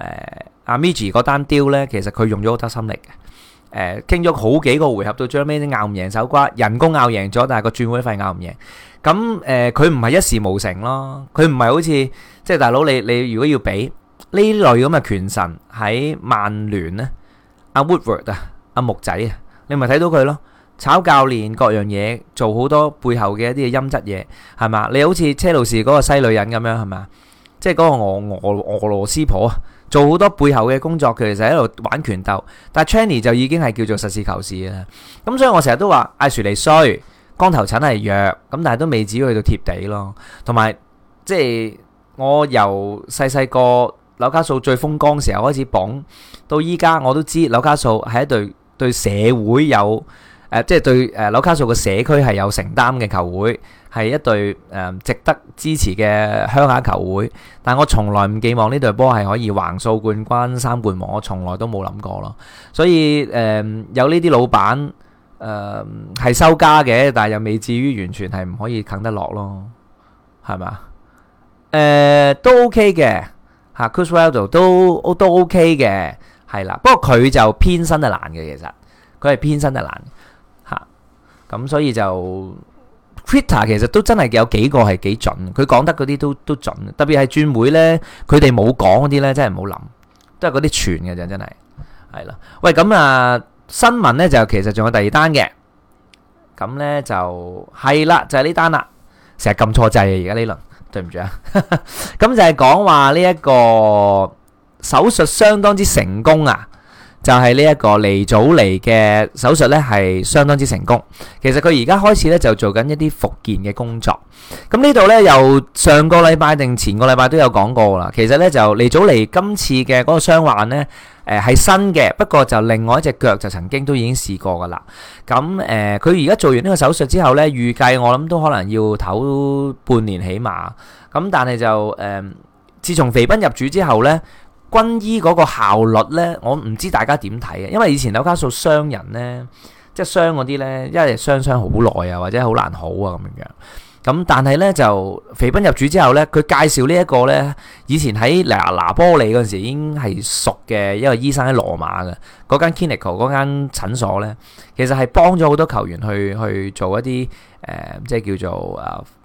阿 Mizzi 嗰單 deal 咧，其實佢用咗好多心力嘅。誒傾咗好幾個回合，到最尾都拗唔贏手瓜，人工拗贏咗，但係個轉會費拗唔贏。咁誒佢唔係一事無成咯，佢唔係好似即係大佬你你如果要俾呢類咁嘅拳神喺曼聯咧，阿 Woodward 啊，阿木仔啊，你咪睇到佢咯。炒教練各樣嘢，做好多背後嘅一啲嘅音質嘢，係嘛？你好似車路士嗰個西女人咁樣，係嘛？即係嗰個俄俄俄羅斯婆，做好多背後嘅工作，佢哋就喺度玩拳鬥。但係 Channy 就已經係叫做實事求是嘅啦。咁所以我成日都話，艾殊尼衰，光頭診係弱，咁但係都未至於去到貼地咯。同埋即係我由細細個紐卡素最風光時候開始捧，到依家我都知紐卡素係一對對社會有。誒、呃、即係對誒紐、呃、卡素個社區係有承擔嘅球會，係一隊誒、呃、值得支持嘅鄉下球會。但我從來唔寄望呢隊波係可以橫掃冠軍三冠王，我從來都冇諗過咯。所以誒、呃、有呢啲老闆誒係收家嘅，但係又未至於完全係唔可以啃得落咯，係咪、呃 OK、啊？誒都，都 OK 嘅，嚇 Cuswell 都 O 都 OK 嘅，係啦。不過佢就偏身係難嘅，其實佢係偏身係難嘅。咁所以就 Twitter 其實都真係有幾個係幾準，佢講得嗰啲都都準，特別係轉會咧，佢哋冇講嗰啲咧，真係唔好諗，都係嗰啲傳嘅啫，真係係啦。喂，咁啊新聞咧就其實仲有第二單嘅，咁咧就係啦，就係呢、就是、單啦，成日撳錯掣啊，而家呢輪，對唔住啊，咁 <laughs> 就係講話呢一個手術相當之成功啊！就係呢一個黎祖黎嘅手術呢，係相當之成功。其實佢而家開始呢，就做緊一啲復健嘅工作。咁呢度呢，又上個禮拜定前個禮拜都有講過啦。其實呢，就黎祖黎今次嘅嗰個傷患呢，誒、呃、係新嘅，不過就另外一隻腳就曾經都已經試過噶啦。咁誒佢而家做完呢個手術之後呢，預計我諗都可能要唞半年起碼。咁但係就誒、呃，自從肥賓入主之後呢，軍醫嗰個效率呢，我唔知大家點睇啊。因為以前紐卡素傷人呢，即係傷嗰啲呢，因為傷傷好耐啊，或者好難好啊咁樣。咁但係呢，就，肥賓入主之後呢，佢介紹呢一個呢，以前喺嗱拿，拿波利嗰陣時已經係熟嘅一個醫生喺羅馬嘅嗰間 clinic 嗰間診所呢，其實係幫咗好多球員去去做一啲誒、呃，即係叫做啊。呃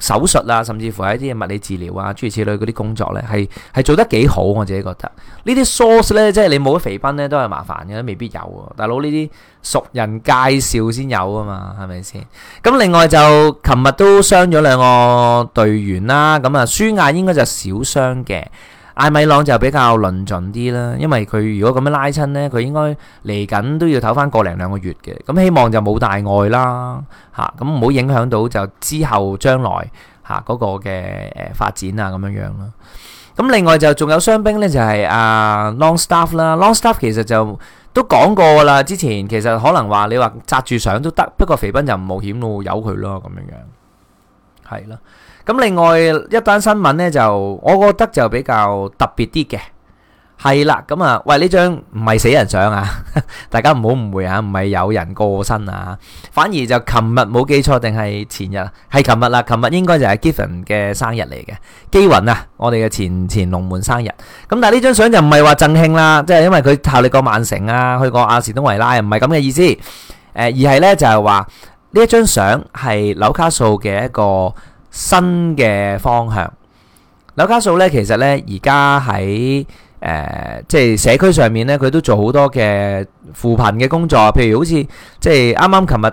手術啊，甚至乎係一啲嘢物理治療啊，諸如此類嗰啲工作呢，係係做得幾好，我自己覺得。呢啲 source 咧，即係你冇肥斌呢，都係麻煩嘅，都未必有喎。大佬呢啲熟人介紹先有啊嘛，係咪先？咁另外就琴日都傷咗兩個隊員啦，咁啊，舒亞應該就少傷嘅。艾米朗就比較論盡啲啦，因為佢如果咁樣拉親呢，佢應該嚟緊都要唞翻個零兩個月嘅。咁、嗯、希望就冇大礙啦，嚇咁唔好影響到就之後將來嚇嗰、啊那個嘅誒發展啊咁樣樣咯。咁、嗯、另外就仲有傷兵呢，就係、是、阿、啊、Longstaff 啦。Longstaff 其實就都講過噶啦，之前其實可能話你話擲住相都得，不過肥斌就唔冒險咯，由佢咯咁樣樣，係啦。咁另外一單新聞咧，就我覺得就比較特別啲嘅係啦。咁啊，喂呢張唔係死人相啊，大家唔好誤會啊，唔係有人過身啊，反而就琴日冇記錯定係前日係琴日啦。琴日應該就係 Given 嘅生日嚟嘅，基雲啊，我哋嘅前前龍門生日。咁但係呢張相就唔係話贈慶啦，即係因為佢效力過曼城啊，去過阿士東維拉，唔係咁嘅意思。誒而係咧就係話呢一張相係紐卡素嘅一個。新嘅方向，紐卡素咧，其實咧而家喺誒，即係社區上面咧，佢都做好多嘅扶貧嘅工作，譬如好似即係啱啱琴日。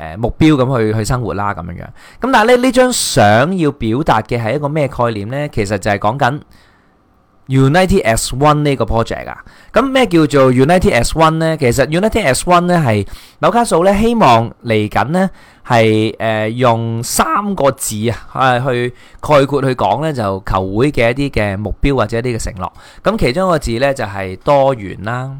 誒目標咁去去生活啦，咁樣樣咁。但係咧，呢張相要表達嘅係一個咩概念咧？其實就係講緊 United As One 呢個 project 啊。咁咩叫做 United As One 咧？其實 United As One 咧係紐卡素咧，希望嚟緊咧係誒用三個字啊係去概括去講咧，就球會嘅一啲嘅目標或者一啲嘅承諾。咁其中一個字咧就係多元啦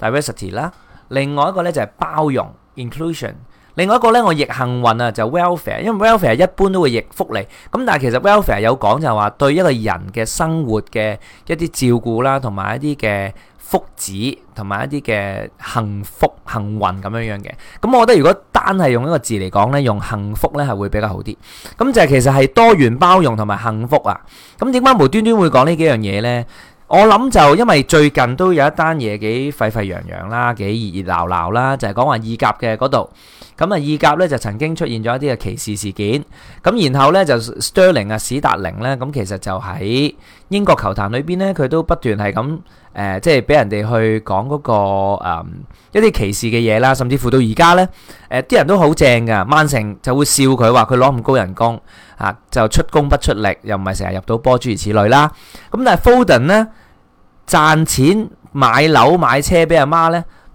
（diversity） 啦，另外一個咧就係包容 （inclusion）。另外一個咧，我譯幸運啊，就 welfare，因為 welfare 係一般都會譯福利。咁但係其實 welfare 係有講就係話對一個人嘅生活嘅一啲照顧啦，同埋一啲嘅福祉，同埋一啲嘅幸福、幸運咁樣樣嘅。咁我覺得如果單係用一個字嚟講咧，用幸福咧係會比較好啲。咁就係其實係多元包容同埋幸福啊。咁點解無端端會講呢幾樣嘢咧？我諗就因為最近都有一單嘢幾沸沸揚揚啦，幾熱熱鬧鬧啦，就係講話意甲嘅嗰度。咁啊，意甲咧就曾經出現咗一啲嘅歧視事件。咁然後咧就 Sterling 啊史達寧咧，咁其實就喺英國球壇裏邊咧，佢都不斷係咁誒，即係俾人哋去講嗰個誒一啲歧視嘅嘢啦。甚至乎到而家咧，誒啲人都好正噶，曼城就會笑佢話佢攞咁高人工啊，就出工不出力，又唔係成日入到波諸如此類啦。咁但係 Foden 咧賺錢買樓買車俾阿媽咧。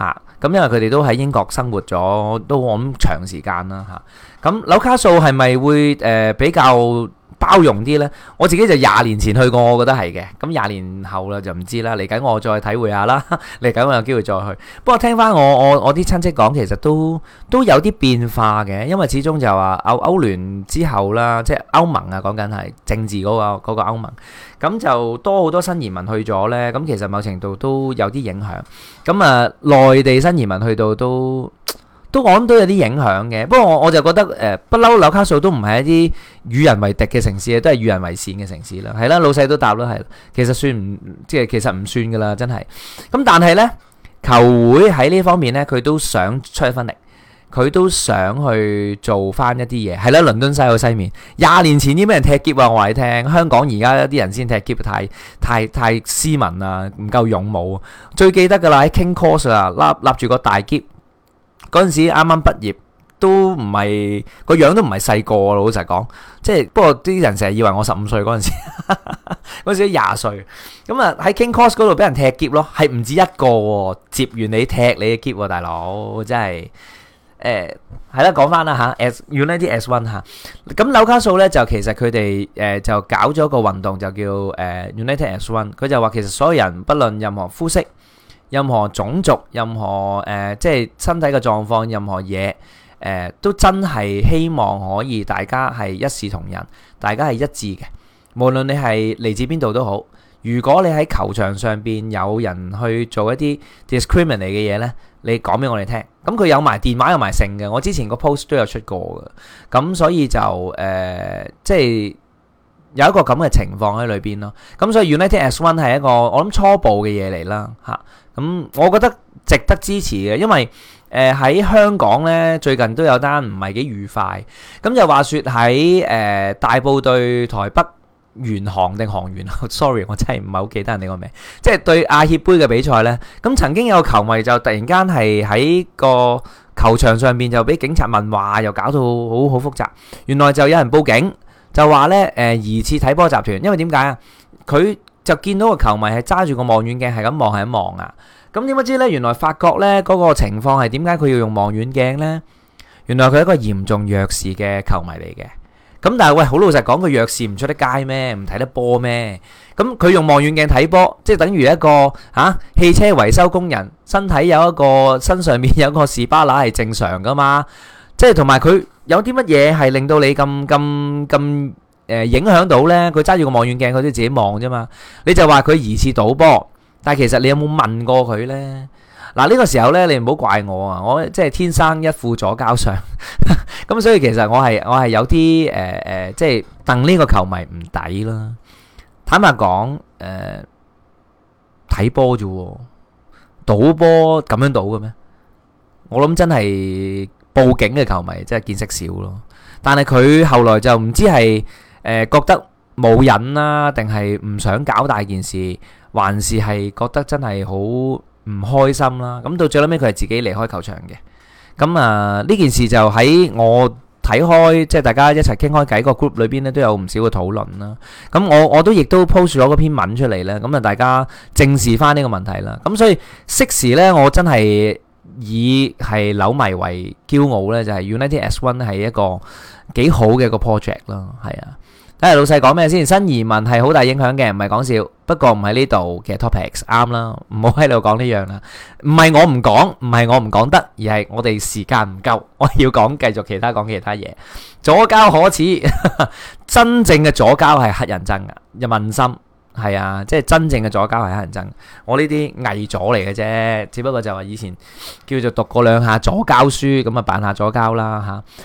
嚇，咁因為佢哋都喺英國生活咗都好長時間啦嚇，咁紐卡素係咪會誒比較包容啲呢？我自己就廿年前去過，我覺得係嘅。咁廿年後啦就唔知啦，嚟緊我再體會下啦。嚟緊我有機會再去。不過聽返我我我啲親戚講，其實都都有啲變化嘅，因為始終就話歐歐聯之後啦，即係歐盟啊，講緊係政治嗰個嗰個歐盟。咁就多好多新移民去咗呢，咁其實某程度都有啲影響。咁啊，內、呃、地新移民去到都都我諗都，都，都有啲影響嘅。不過我我就覺得誒，呃呃、不嬲紐卡素都唔係一啲與人為敵嘅城市，都係與人為善嘅城市啦。係啦，老細都答啦，係。其實算唔即係其實唔算噶啦，真係。咁但係呢，球會喺呢方面呢，佢都想出一分力。佢都想去做翻一啲嘢，係啦。倫敦西到西面廿年前已經俾人踢劫喎，我話你聽。香港而家啲人先踢劫，太太太斯文啦，唔夠勇武。最記得㗎喇，喺 King Cross 啊，立立住個大劫嗰陣時，啱啱畢業都唔係個樣，都唔係細個。老實講，即係不過啲人成日以為我十五歲嗰陣時，嗰陣時廿歲咁啊，喺 King Cross 嗰度俾人踢劫咯，係唔止一個喎，接完你踢你嘅劫喎，大佬真係。誒，係啦，講翻啦吓，United As One 吓，咁紐卡素咧就其實佢哋誒就搞咗個運動就叫誒 United As One，佢就話其實所有人不論任何膚色、任何種族、任何誒即係身體嘅狀況、任何嘢誒都真係希望可以大家係一視同仁，大家係一致嘅，無論你係嚟自邊度都好。如果你喺球場上邊有人去做一啲 discrimination 嚟嘅嘢咧，你講俾我哋聽。咁佢有埋電話有埋成嘅，我之前個 post 都有出過嘅。咁所以就誒，即係有一個咁嘅情況喺裏邊咯。咁所以 United As One 係一個我諗初步嘅嘢嚟啦，嚇。咁我覺得值得支持嘅，因為誒喺香港咧最近都有單唔係幾愉快。咁就話説喺誒大埔對台北。完行定行完啊？Sorry，我真係唔係好記得你個名。即係對亞協杯嘅比賽咧，咁曾經有球迷就突然間係喺個球場上面就俾警察問話，又搞到好好複雜。原來就有人報警，就話咧誒疑似睇波集團。因為點解啊？佢就見到個球迷係揸住個望遠鏡係咁望係咁望啊！咁點解知咧？原來發覺咧嗰個情況係點解佢要用望遠鏡咧？原來佢係一個嚴重弱視嘅球迷嚟嘅。咁但係喂，好老實講，佢弱視唔出得街咩？唔睇得波咩？咁佢用望遠鏡睇波，即係等於一個吓、啊、汽車維修工人，身體有一個身上面有一個士巴拿係正常噶嘛？即係同埋佢有啲乜嘢係令到你咁咁咁誒影響到呢？佢揸住個望遠鏡，佢都自己望啫嘛？你就話佢疑似賭波，但係其實你有冇問過佢呢？嗱呢個時候呢，你唔好怪我啊！我即係天生一副左膠相，咁所以其實我係我係有啲誒誒，即係戥呢個球迷唔抵啦。坦白講，誒睇波啫喎，賭波咁樣賭嘅咩？我諗真係報警嘅球迷，真係見識少咯。但係佢後來就唔知係誒覺得冇癮啦，定係唔想搞大件事，還是係覺得真係好。唔開心啦，咁到最屘尾佢係自己離開球場嘅。咁啊呢件事就喺我睇開，即係大家一齊傾開偈個 group 裏邊咧都有唔少嘅討論啦。咁我我都亦都 post 咗嗰篇文出嚟咧，咁啊大家正視翻呢個問題啦。咁所以適時咧，我真係以係紐迷為驕傲咧，就係 United As One 咧，係一個幾好嘅一個 project 囉，係啊。睇老細講咩先，新移民係好大影響嘅，唔係講笑。不過唔喺呢度嘅 topic 啱啦，唔好喺度講呢樣啦。唔係我唔講，唔係我唔講得，而係我哋時間唔夠，我要講繼續其他講其他嘢。左膠可恥， <laughs> 真正嘅左膠係乞人憎嘅，又問心係啊，即係真正嘅左膠係乞人憎。我呢啲偽左嚟嘅啫，只不過就話以前叫做讀過兩下左膠書，咁啊扮下左膠啦嚇。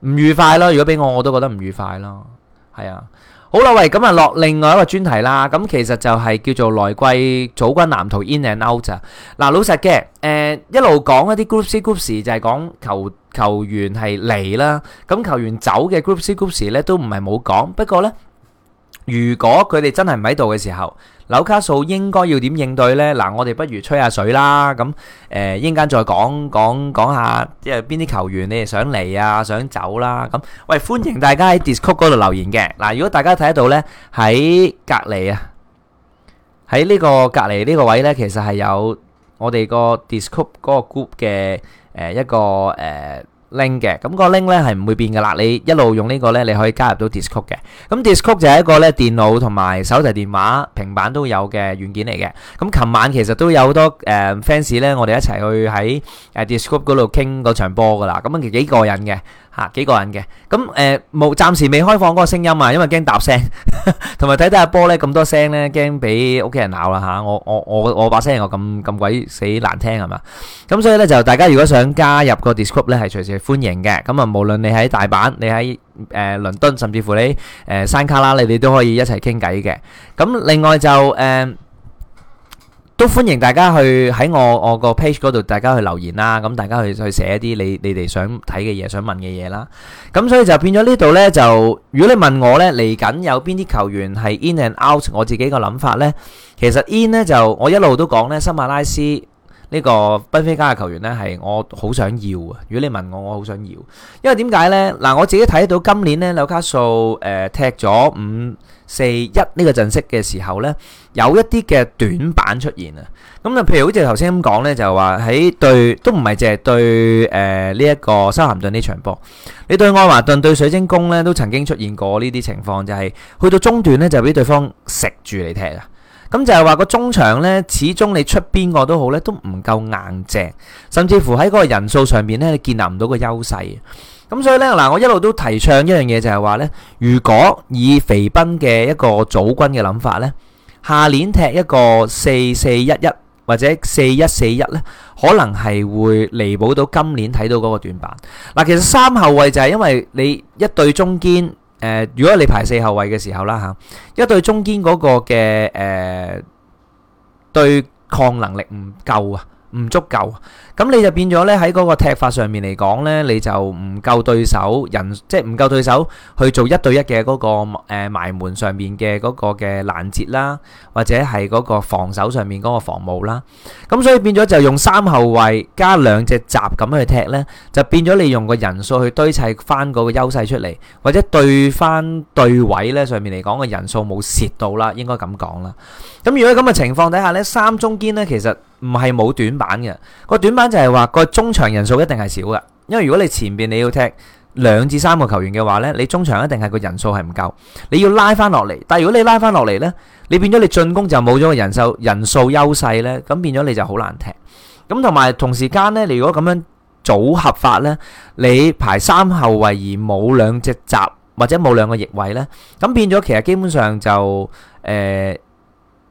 唔愉快咯，如果俾我，我都覺得唔愉快咯。係啊，好啦，喂，咁啊落另外一個專題啦。咁其實就係叫做來季組軍藍圖 in and out 嗱，老實嘅，誒、呃，一路講一啲 group C，group C 就係講球球員係嚟啦。咁球員走嘅 group C，group C 咧，都唔係冇講，不過呢，如果佢哋真係唔喺度嘅時候，紐卡素應該要點應對咧？嗱，我哋不如吹下水啦。咁誒，一陣間再講講講下即係邊啲球員你哋想嚟啊，想走啦。咁，喂，歡迎大家喺 Discord 嗰度留言嘅。嗱，如果大家睇得到咧，喺隔離啊，喺呢個隔離呢個位咧，其實係有我哋個 Discord 嗰個 group 嘅誒一個誒。link 嘅，咁個 link 咧係唔會變嘅啦。你一路用呢個咧，你可以加入到 Discord 嘅。咁 Discord 就係一個咧電腦同埋手提電話、平板都有嘅軟件嚟嘅。咁琴晚其實都有好多誒 fans 咧，我哋一齊去喺誒 Discord 嗰度傾嗰場波噶啦。咁其實幾過癮嘅。吓，幾個人嘅，咁誒冇，暫時未開放嗰個聲音啊，因為驚答聲，同埋睇睇下波咧咁多聲咧，驚俾屋企人鬧啦吓，我我我我把聲又咁咁鬼死難聽係嘛，咁所以咧就大家如果想加入個 discord 咧係隨時歡迎嘅，咁啊無論你喺大阪，你喺誒倫敦，甚至乎你誒山卡拉，你哋都可以一齊傾偈嘅，咁另外就誒。呃都歡迎大家去喺我我個 page 嗰度，大家去留言啦。咁大家去去寫一啲你你哋想睇嘅嘢，想問嘅嘢啦。咁所以就變咗呢度呢。就如果你問我呢，嚟緊有邊啲球員係 in and out，我自己個諗法呢？其實 in 呢，就我一路都講呢，新馬拉斯。呢個賓菲加嘅球員咧係我好想要啊！如果你問我，我好想要，因為點解咧？嗱，我自己睇到今年咧，紐卡素誒踢咗五四一呢個陣式嘅時候咧，有一啲嘅短板出現啊！咁啊，譬如好似頭先咁講咧，就係話喺對都唔係淨係對誒呢一個修咸頓呢場波，你對愛華頓對水晶宮咧都曾經出現過呢啲情況，就係去到中段咧就俾對方食住你踢啊！咁就係話個中場咧，始終你出邊個都好咧，都唔夠硬淨，甚至乎喺嗰個人數上面咧，你建立唔到個優勢。咁所以咧，嗱，我一路都提倡一樣嘢就係話咧，如果以肥賓嘅一個組軍嘅諗法咧，下年踢一個四四一一或者四一四一咧，可能係會彌補到今年睇到嗰個短板。嗱，其實三後衞就係因為你一對中堅。誒，如果你排四後位嘅時候啦吓，一對中堅嗰個嘅誒、呃、對抗能力唔夠啊。唔足夠，咁你就變咗咧喺嗰個踢法上面嚟講咧，你就唔夠對手人，即係唔夠對手去做一對一嘅嗰個呃、埋門上面嘅嗰個嘅攔截啦，或者係嗰個防守上面嗰個防務啦。咁所以變咗就用三後衞加兩隻閘咁樣去踢咧，就變咗你用個人數去堆砌翻嗰個優勢出嚟，或者對翻對位咧上面嚟講個人數冇蝕到啦，應該咁講啦。咁如果咁嘅情況底下咧，三中堅咧其實～唔係冇短板嘅，個短板就係話個中場人數一定係少嘅。因為如果你前面你要踢兩至三個球員嘅話咧，你中場一定係個人數係唔夠。你要拉翻落嚟，但係如果你拉翻落嚟咧，你變咗你進攻就冇咗個人數人數優勢咧，咁變咗你就好難踢。咁同埋同時間咧，你如果咁樣組合法咧，你排三後衛而冇兩隻閘或者冇兩個翼位咧，咁變咗其實基本上就誒。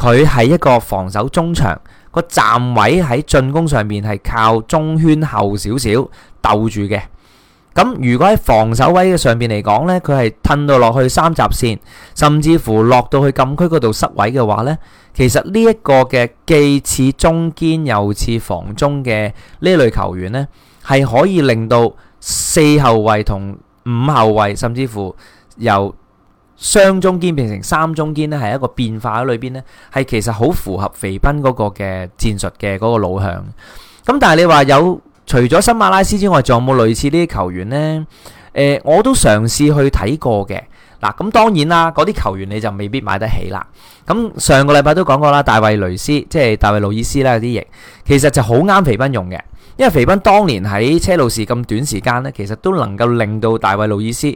佢係一個防守中場，個站位喺進攻上面係靠中圈後少少兜住嘅。咁如果喺防守位嘅上面嚟講咧，佢係褪到落去三閘線，甚至乎落到去禁區嗰度塞位嘅話咧，其實呢一個嘅既似中堅又似防中嘅呢類球員咧，係可以令到四後衞同五後衞，甚至乎由雙中堅變成三中堅咧，係一個變化喺裏邊呢，係其實好符合肥賓嗰個嘅戰術嘅嗰個路向。咁但係你話有除咗新馬拉斯之外，仲有冇類似呢啲球員呢、呃？我都嘗試去睇過嘅。嗱、啊，咁當然啦，嗰啲球員你就未必買得起啦。咁上個禮拜都講過啦，大衛雷斯即係大衛路易斯啦，嗰啲型其實就好啱肥賓用嘅，因為肥賓當年喺車路士咁短時間呢，其實都能夠令到大衛路易斯。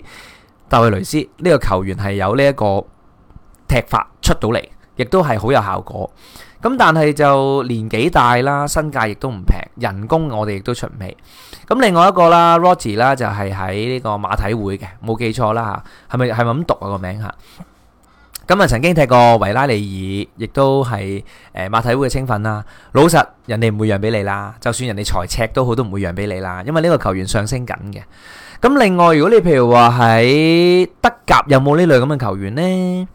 就係雷斯呢個球員係有呢一個踢法出到嚟，亦都係好有效果。咁但係就年紀大啦，身價亦都唔平，人工我哋亦都出唔起。咁另外一個啦，Rozi 啦就係喺呢個馬體會嘅，冇記錯啦吓，係咪係咪咁讀啊個名吓？咁啊曾經踢過維拉利爾，亦都係誒馬體會嘅青訓啦。老實人哋唔會讓俾你啦，就算人哋財赤都好，都唔會讓俾你啦，因為呢個球員上升緊嘅。咁另外，如果你譬如話喺德甲有冇呢類咁嘅球員咧？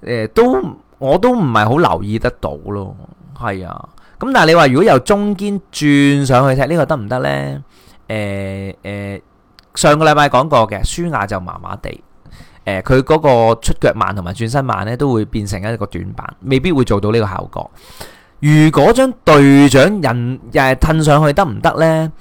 誒，都我都唔係好留意得到咯。係啊。咁但係你話如果由中堅轉上去踢呢個得唔得咧？誒誒，上個禮拜講過嘅，舒雅就麻麻地。誒，佢嗰個出腳慢同埋轉身慢咧，都會變成一個短板，未必會做到呢個效果。如果將隊長人誒褪上去得唔得咧？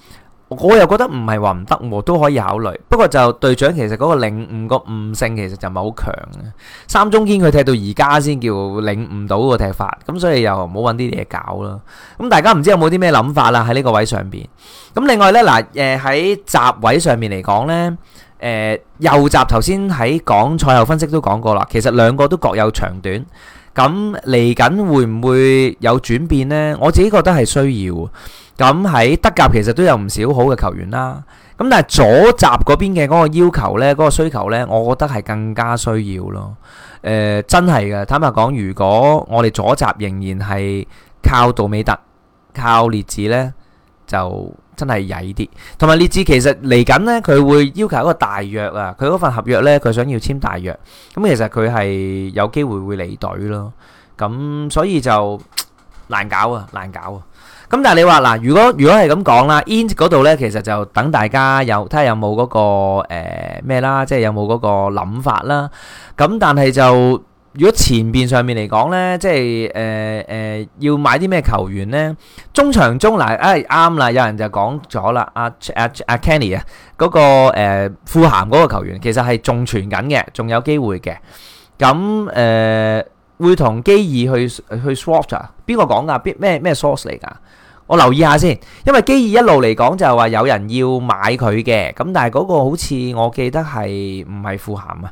我又覺得唔係話唔得喎，都可以考慮。不過就隊長其實嗰個領悟個悟性其實就唔係好強嘅。三中堅佢踢到而家先叫領悟到個踢法，咁所以又唔好揾啲嘢搞啦。咁大家唔知有冇啲咩諗法啦喺呢個位上邊？咁另外呢，嗱、呃，誒喺閘位上面嚟講呢，誒、呃、右閘頭先喺講賽後分析都講過啦，其實兩個都各有長短。咁嚟緊會唔會有轉變呢？我自己覺得係需要。咁喺德甲其實都有唔少好嘅球員啦。咁但係左閘嗰邊嘅嗰個要求呢，嗰個需求呢，我覺得係更加需要咯。誒，真係嘅，坦白講，如果我哋左閘仍然係靠杜美特、靠列治呢，就真係曳啲，同埋列治其實嚟緊呢，佢會要求一個大約啊，佢嗰份合約呢，佢想要簽大約，咁其實佢係有機會會離隊咯，咁所以就難搞啊，難搞啊，咁但係你話嗱，如果如果係咁講啦，In 嗰度呢，其實就等大家有睇下有冇嗰個誒咩啦，即係有冇嗰個諗法啦，咁但係就。如果前邊上面嚟講咧，即係誒誒要買啲咩球員咧？中場中嗱，哎啱啦，有人就講咗啦，阿阿阿 Kenny 啊，嗰、啊啊啊那個、呃、富咸嗰個球員，其實係仲傳緊嘅，仲有機會嘅。咁誒、呃、會同基爾去去，去 swap 啊？邊個講噶？咩咩 source 嚟㗎？我留意下先，因為基爾一路嚟講就話有人要買佢嘅，咁但係嗰個好似我記得係唔係富咸啊？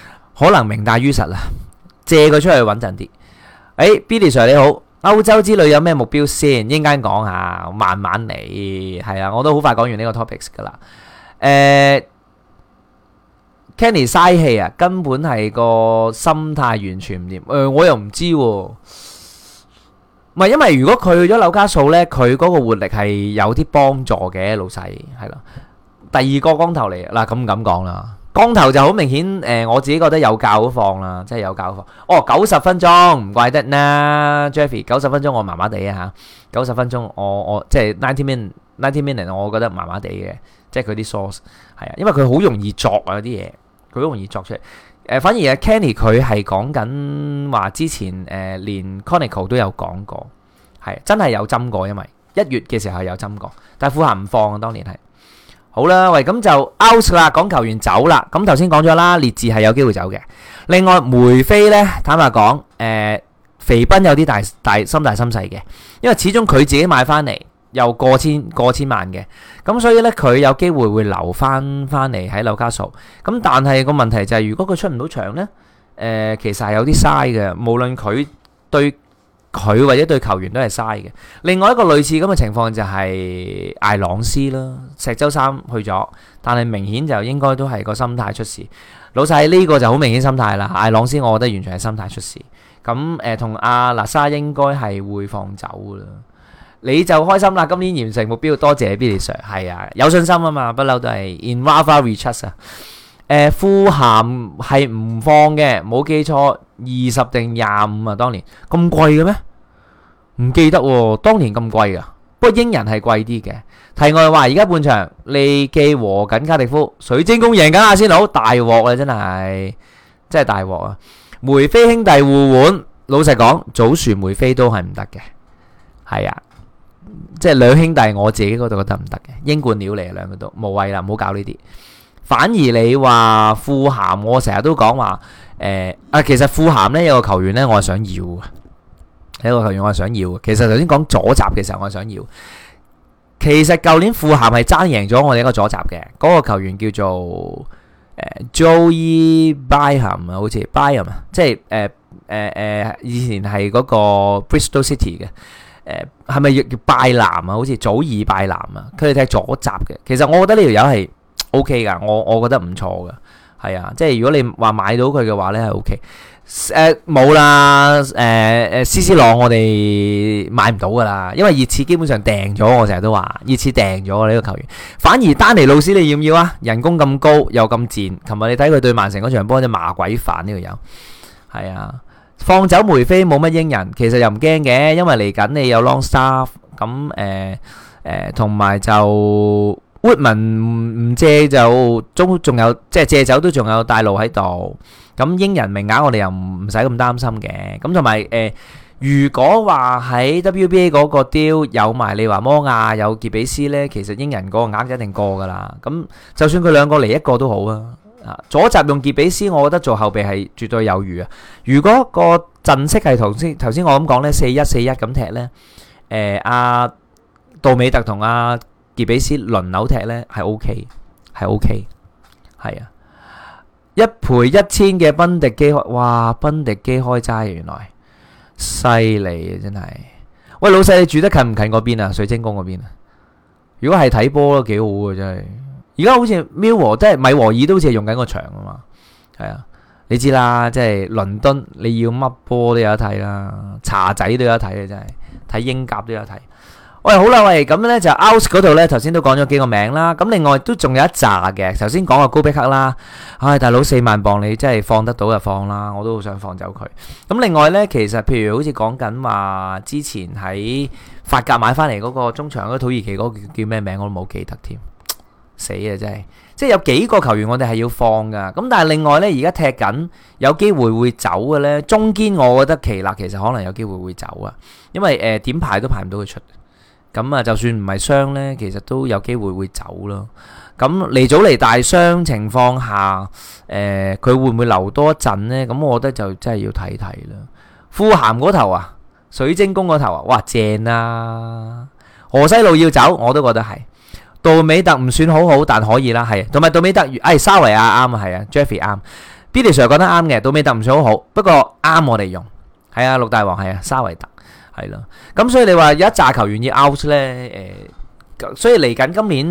可能名大於實啦，借佢出去穩陣啲。誒，Billy Sir 你好，歐洲之旅有咩目標先？一陣間講下，慢慢嚟，係啊，我都好快講完呢個 topics 㗎啦。誒，Kenny 嘥氣啊，根本係個心態完全唔掂。誒，我又唔知喎，唔係因為如果佢去咗紐卡素呢，佢嗰個活力係有啲幫助嘅，老細係啦。第二個光頭嚟，嗱，咁唔敢講啦。光頭就好明顯，誒、呃、我自己覺得有教放啦、啊，即係有教放、啊。哦，九十分鐘唔怪得啦，Jeffy 九十分鐘我麻麻地啊嚇，九十分，分鐘我我即係 ninety minute ninety minute，我覺得麻麻地嘅，即係佢啲 source 係啊，因為佢好容易作啊啲嘢，佢好容易作出嚟。誒、呃、反而啊 Canny 佢係講緊話之前誒、呃、連 Conical 都有講過，係真係有針過，因為一月嘅時候有針過，但係富鹹唔放啊，當年係。好啦，喂，咁就 out 啦，講球員走啦。咁頭先講咗啦，列治係有機會走嘅。另外梅飛呢，坦白講，誒，肥賓，有啲大大心大心細嘅，因為始終佢自己買翻嚟，又過千過千萬嘅，咁所以呢佢有機會會留翻翻嚟喺紐卡素。咁但係個問題就係，如果佢出唔到場呢，誒，其實係有啲嘥嘅。無論佢對。佢或者對球員都係嘥嘅。另外一個類似咁嘅情況就係艾朗斯啦，石周三去咗，但係明顯就應該都係個心態出事。老細呢個就好明顯心態啦。艾朗斯我覺得完全係心態出事。咁，誒同阿娜莎應該係會放走噶啦。你就開心啦，今年完成目標，多謝 Billy Sir。係啊，有信心啊嘛，不嬲都係 In Rafa we trust 啊。誒，庫鹹係唔放嘅，冇記錯。二十定廿五啊！當年咁貴嘅咩？唔記得喎，當年咁貴啊！不過英人係貴啲嘅。題外話，而家半場利記和緊卡迪夫，水晶宮贏緊阿仙奴大鑊啊，真係真係大鑊啊！梅菲兄弟互換，老實講，祖樹梅菲都係唔得嘅。係啊，即係兩兄弟，我自己嗰度覺得唔得嘅？英冠鳥嚟啊，兩個都冇謂啦，唔好搞呢啲。反而你話富咸，我成日都講話誒啊！其實富咸呢，有個球員呢，我係想要嘅，有個球員我係想要。其實頭先講左閘嘅時候，我係想要。其實舊年富咸係爭贏咗我哋一個左閘嘅，嗰個球員叫做、呃、Joey Byham 啊，好似 Byham 啊，即係誒誒誒，以前係嗰個 Bristol City 嘅，誒係咪叫拜南啊？好似祖爾拜南啊，佢哋係左閘嘅。其實我覺得呢條友係。O K 噶，我我覺得唔錯噶，係啊，即係如果你話買到佢嘅話呢，係 O K。誒冇啦，誒誒 C 朗我哋買唔到噶啦，因為熱刺基本上訂咗，我成日都話熱刺訂咗呢個球員。反而丹尼路斯你要唔要啊？人工咁高又咁賤，琴日你睇佢對曼城嗰場波，只麻鬼煩呢個有。係啊，放走梅菲冇乜英人，其實又唔驚嘅，因為嚟緊你有 Long Staff 咁誒誒，同、呃、埋、呃呃、就。沃文唔借就中，仲有即係借走都仲有大路喺度。咁英人名額我哋又唔唔使咁擔心嘅。咁同埋誒，如果話喺 WBA 嗰個 deal 有埋利華摩亞有傑比斯咧，其實英人嗰個額就一定過噶啦。咁就算佢兩個嚟一個都好啊。左閘用傑比斯，我覺得做後備係絕對有餘啊。如果個陣式係頭先頭先我咁講咧，四一四一咁踢咧，誒阿杜美特同阿。利比斯輪流踢呢係 O K，係 O K，係啊，一賠一千嘅賓迪基開，哇，賓迪基開齋，原來犀利啊，真係。喂，老細，你住得近唔近嗰邊啊？水晶宮嗰邊啊？如果係睇波都幾好啊，真係。而家好似米和，即係米和爾，都好似係用緊個場啊嘛。係啊，你知啦，即係倫敦，你要乜波都有得睇啦，茶仔都有得睇啊，真係，睇英甲都有得睇。喂，好啦，喂，咁咧就 outs 嗰度咧，頭先都講咗幾個名啦。咁另外都仲有一紮嘅，頭先講個高比克啦。唉，大佬四萬磅，你真係放得到就放啦，我都好想放走佢。咁另外咧，其實譬如好似講緊話，之前喺法甲買翻嚟嗰個中場個嗰土耳其個嗰叫咩名，我都冇記得添。死啊，真係！即係有幾個球員我哋係要放噶。咁但係另外咧，而家踢緊有機會會走嘅咧，中堅我覺得奇勒其實可能有機會會走啊，因為誒點排都排唔到佢出。咁啊，就算唔係傷咧，其實都有機會會走咯。咁嚟早嚟大傷情況下，誒佢會唔會留多一陣咧？咁我覺得就真係要睇睇啦。富咸嗰頭啊，水晶宮嗰頭啊，哇正啊！河西路要走，我都覺得係。杜美特唔算好好，但可以啦，係。同埋杜美特，哎，沙維亞啱啊，係啊，Jeffy 啱。Billy Sir 覺得啱嘅，杜美特唔算好好，不過啱我哋用。係啊，六大王係啊，沙維特。係啦，咁所以你話有一紮球員要 out 咧，誒，所以嚟緊今年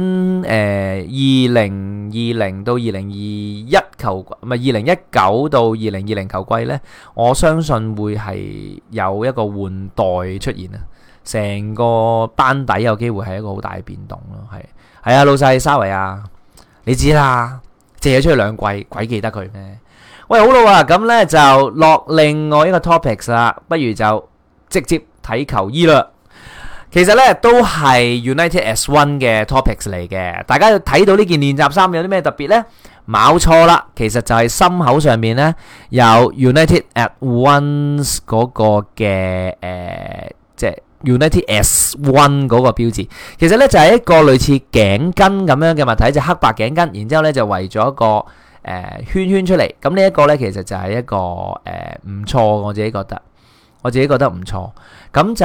誒二零二零到二零二一球唔係二零一九到二零二零球季咧，我相信會係有一個換代出現啊，成個班底有機會係一個好大嘅變動咯，係係啊，老細沙維啊，你知啦，借咗出去兩季鬼記得佢咩？喂，好啦，咁咧就落另外一個 topics 啦，不如就直接。睇球衣啦，其實咧都係 United S OneUnited As One 嘅 topics 嚟嘅。大家要睇到呢件練習衫有啲咩特別咧？冇錯啦，其實就係心口上面咧有 United As One 嗰個嘅誒，即係 United As One 嗰個標誌。其實咧就係一個類似頸巾咁樣嘅物體，就黑白頸巾，然之後咧就圍咗一個誒圈圈出嚟。咁呢一個咧其實就係一個誒唔錯，我自己覺得，我自己覺得唔錯。咁就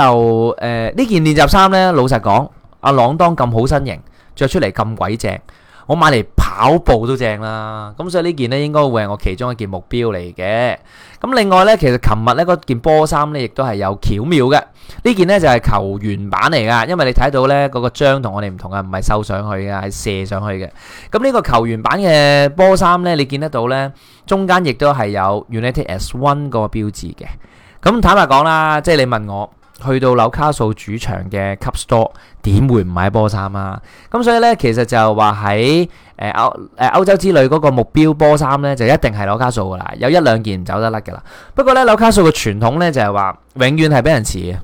誒呢、呃、件練習衫呢，老實講，阿朗當咁好身型，着出嚟咁鬼正，我買嚟跑步都正啦。咁所以呢件呢應該會係我其中一件目標嚟嘅。咁另外呢，其實琴日呢嗰件波衫呢亦都係有巧妙嘅。呢件呢就係、是、球員版嚟噶，因為你睇到呢嗰、那個章同我哋唔同啊，唔係繡上去噶，係射上去嘅。咁呢個球員版嘅波衫呢，你見得到呢，中間亦都係有 United as one 嗰個標誌嘅。咁坦白講啦，即係你問我去到紐卡素主場嘅 cup store 點會唔買波衫啊？咁所以呢，其實就話喺誒歐誒歐洲之旅嗰個目標波衫呢，就一定係紐卡素噶啦，有一兩件唔走得甩噶啦。不過呢，紐卡素嘅傳統呢，就係話永遠係俾人遲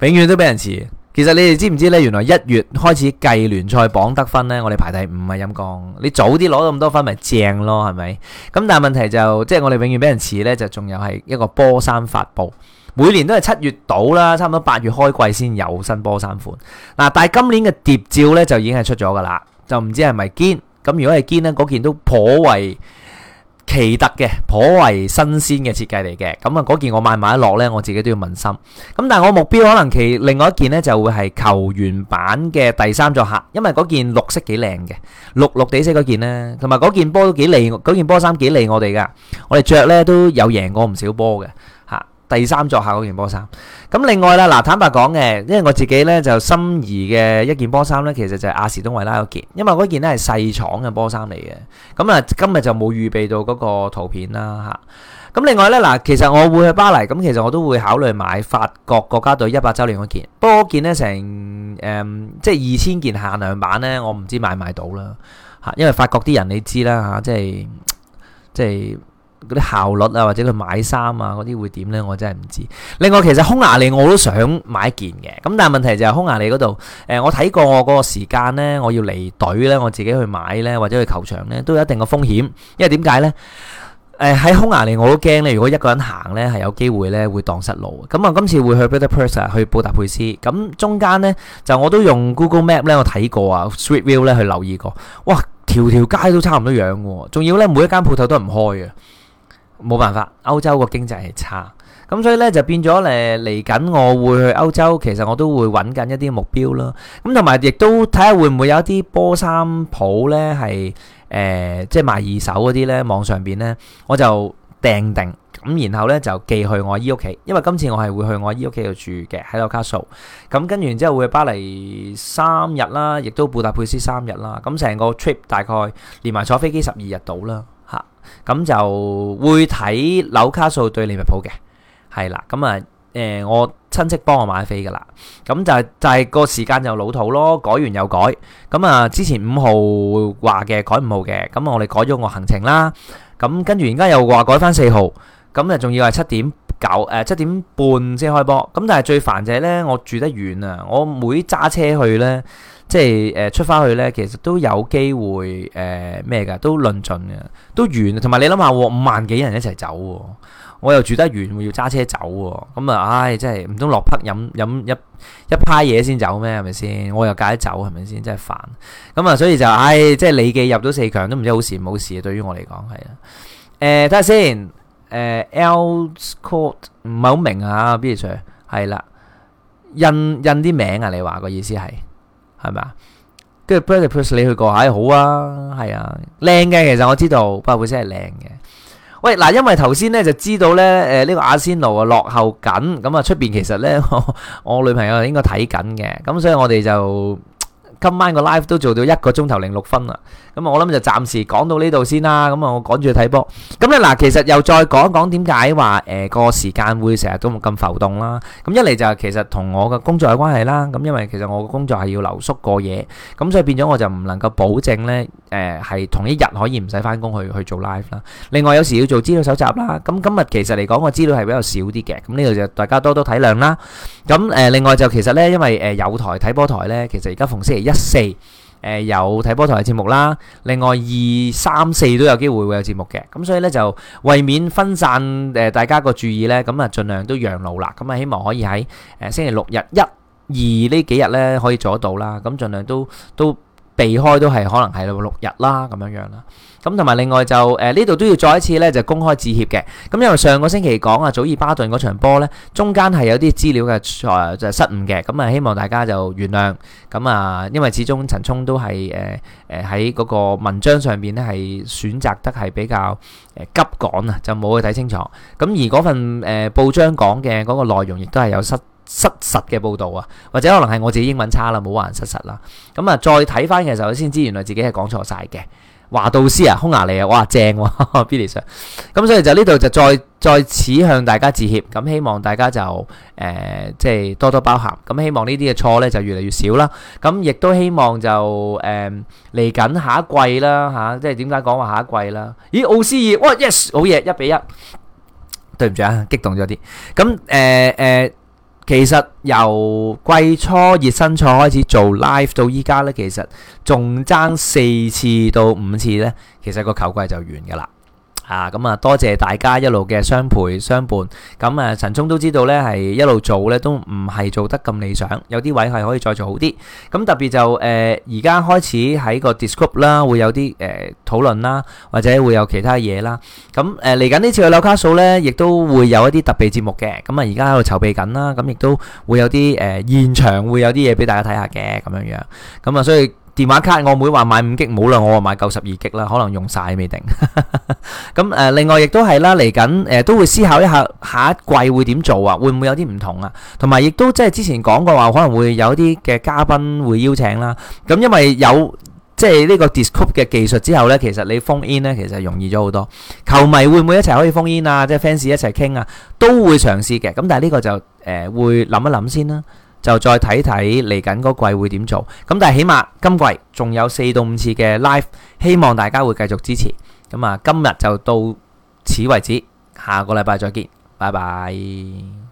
嘅，永遠都俾人遲。其實你哋知唔知呢？原來一月開始計聯賽榜得分呢，我哋排第五，係陰公。你早啲攞到咁多分，咪正咯，係咪？咁但係問題就，即係我哋永遠俾人遲呢，就仲有係一個波衫發佈，每年都係七月到啦，差唔多八月開季先有新波衫款。嗱，但係今年嘅諜照呢，就已經係出咗㗎喇，就唔知係咪堅？咁如果係堅呢，嗰件都頗為。奇特嘅，頗為新鮮嘅設計嚟嘅。咁、嗯、啊，嗰件我買買得落呢，我自己都要問心。咁、嗯、但係我目標可能其另外一件呢，就會係球員版嘅第三座客，因為嗰件綠色幾靚嘅，綠綠地色嗰件呢，同埋嗰件波都幾靚，嗰件波衫幾靚我哋噶，我哋着呢，都有贏過唔少波嘅。第三座下嗰件波衫，咁另外啦，嗱，坦白講嘅，因為我自己咧就心儀嘅一件波衫咧，其實就係阿士東維拉嗰件，因為嗰件咧係細廠嘅波衫嚟嘅，咁啊今日就冇預備到嗰個圖片啦，吓，咁另外咧嗱，其實我會去巴黎，咁其實我都會考慮買法國國家隊一百周年嗰件，不過嗰件咧成誒即係二千件限量版咧，我唔知買唔買到啦，吓，因為法國啲人你知啦吓，即係即係。嗰啲效率啊，或者佢買衫啊，嗰啲會點咧？我真係唔知。另外，其實匈牙利我都想買件嘅，咁但係問題就係匈牙利嗰度，誒，我睇過我嗰個時間咧，我要離隊咧，我自己去買咧，或者去球場咧，都有一定嘅風險，因為點解咧？誒喺匈牙利我都驚，呢如果一個人行咧，係有機會咧會蕩失路。咁啊，今次會去布拉佩斯啊，去布達佩斯，咁中間咧就我都用 Google Map 咧，我睇過啊，Street View 咧去留意過，哇，條條街都差唔多樣嘅，仲要咧每一間鋪頭都唔開嘅。冇辦法，歐洲個經濟係差，咁所以咧就變咗誒，嚟緊。我會去歐洲，其實我都會揾緊一啲目標咯。咁同埋亦都睇下會唔會有一啲波衫鋪咧係誒，即係賣二手嗰啲咧，網上邊咧，我就訂定咁，然後咧就寄去我姨屋企。因為今次我係會去我姨屋企度住嘅，喺紐卡素。咁跟完之後會去巴黎三日啦，亦都布達佩斯三日啦。咁成個 trip 大概連埋坐飛機十二日到啦。咁就會睇紐卡素對利物浦嘅，係啦，咁啊，誒、呃，我親戚幫我買飛噶啦，咁就就係、係、個時間就老土咯，改完又改，咁啊，之前五號話嘅改五號嘅，咁我哋改咗我行程啦，咁跟住而家又話改翻四號。咁咧，仲要係七點九誒、呃，七點半先開波。咁但係最煩就係咧，我住得遠啊！我每揸車去咧，即係誒、呃、出翻去咧，其實都有機會誒咩噶，都論盡嘅，都遠。同埋你諗下，五萬幾人一齊走，我又住得遠，要揸車走，咁、嗯、啊，唉、哎，真係唔通落魄飲飲，飲，飲一一派嘢先走咩？係咪先？我又介得走係咪先？真係煩。咁、嗯、啊，所以就唉、哎，即係李記入到四強都唔知好事唔好事。啊。對於我嚟講係啊，誒睇下先。看看誒，Al Scott 唔係好明啊，Birch 係啦，印印啲名啊，你話個意思係係咪？跟住 Pratapus，你去過係好啊，係啊，靚嘅，其實我知道不過本身係靚嘅。喂，嗱，因為頭先咧就知道咧，誒，呢個阿仙奴啊落後緊，咁啊出邊其實咧，我我女朋友應該睇緊嘅，咁所以我哋就。今晚個 live 都做到一個鐘頭零六分啦，咁啊我諗就暫時講到呢度先啦，咁啊我趕住去睇波，咁咧嗱其實又再講一講點解話誒個時間會成日都咁浮動啦，咁一嚟就係其實同我嘅工作有關係啦，咁因為其實我嘅工作係要留宿過夜，咁所以變咗我就唔能夠保證咧誒係同一日可以唔使返工去去做 live 啦。另外有時要做資料搜集啦，咁今日其實嚟講個資料係比較少啲嘅，咁呢度就大家多多體諒啦。咁誒另外就其實咧因為誒有台睇波台咧，其實而家逢星期二、一四，誒有睇波台嘅節目啦。另外二三四都有機會會有節目嘅，咁所以呢，就為免分散誒大家個注意呢，咁啊盡量都讓路啦。咁啊希望可以喺誒、呃、星期六日一二呢幾日呢，可以做得到啦。咁盡量都都。避開都係可能係六日啦咁樣樣啦，咁同埋另外就誒呢度都要再一次咧就公開致歉嘅。咁因為上個星期講啊祖爾巴頓嗰場波咧，中間係有啲資料嘅錯就失誤嘅，咁啊希望大家就原諒。咁啊因為始終陳沖都係誒誒喺嗰個文章上面咧係選擇得係比較誒急趕啊，就冇去睇清楚，咁而嗰份誒報章講嘅嗰個內容亦都係有失。失實嘅報道啊，或者可能係我自己英文差啦，冇話人失實啦。咁啊，再睇翻嘅時候我先知，原來自己係講錯晒嘅。華道斯啊，匈牙利啊，哇，正，Billie Sir。咁所以就呢度就再再次向大家致歉。咁希望大家就誒即係多多包涵。咁希望呢啲嘅錯呢就越嚟越少啦。咁亦都希望就誒嚟緊下一季啦吓，即係點解講話下一季啦？咦，奧斯爾哇，yes，好嘢，一比一。對唔住啊，激動咗啲。咁誒誒。其實由季初熱身賽開始做 live 到依家咧，其實仲爭四次到五次咧，其實個球季就完噶啦。啊，咁啊，多謝大家一路嘅相陪相伴。咁啊，陳沖都知道咧，係一路做咧都唔係做得咁理想，有啲位係可以再做好啲。咁特別就誒，而家開始喺個 discord 啦，會有啲誒討論啦，或者會有其他嘢啦。咁誒，嚟緊呢次嘅紐卡素咧，亦都會有一啲特別節目嘅。咁啊，而家喺度籌備緊啦，咁亦都會有啲誒現場會有啲嘢俾大家睇下嘅咁樣樣。咁啊，所以。電話卡我妹話買五 G 冇啦，我話買九十二 G 啦，可能用晒未定。咁誒，另外亦都係啦，嚟緊誒都會思考一下下一季會點做啊？會唔會有啲唔同啊？同埋亦都即係之前講過話，可能會有啲嘅嘉賓會邀請啦。咁因為有即係呢個 Discord 嘅技術之後呢，其實你 phone in 呢，其實容易咗好多。球迷會唔會一齊可以 phone in 啊？即係 fans 一齊傾啊？都會嘗試嘅。咁但係呢個就誒、呃、會諗一諗先啦。就再睇睇嚟緊嗰季會點做，咁但係起碼今季仲有四到五次嘅 live，希望大家會繼續支持。咁啊，今日就到此為止，下個禮拜再見，拜拜。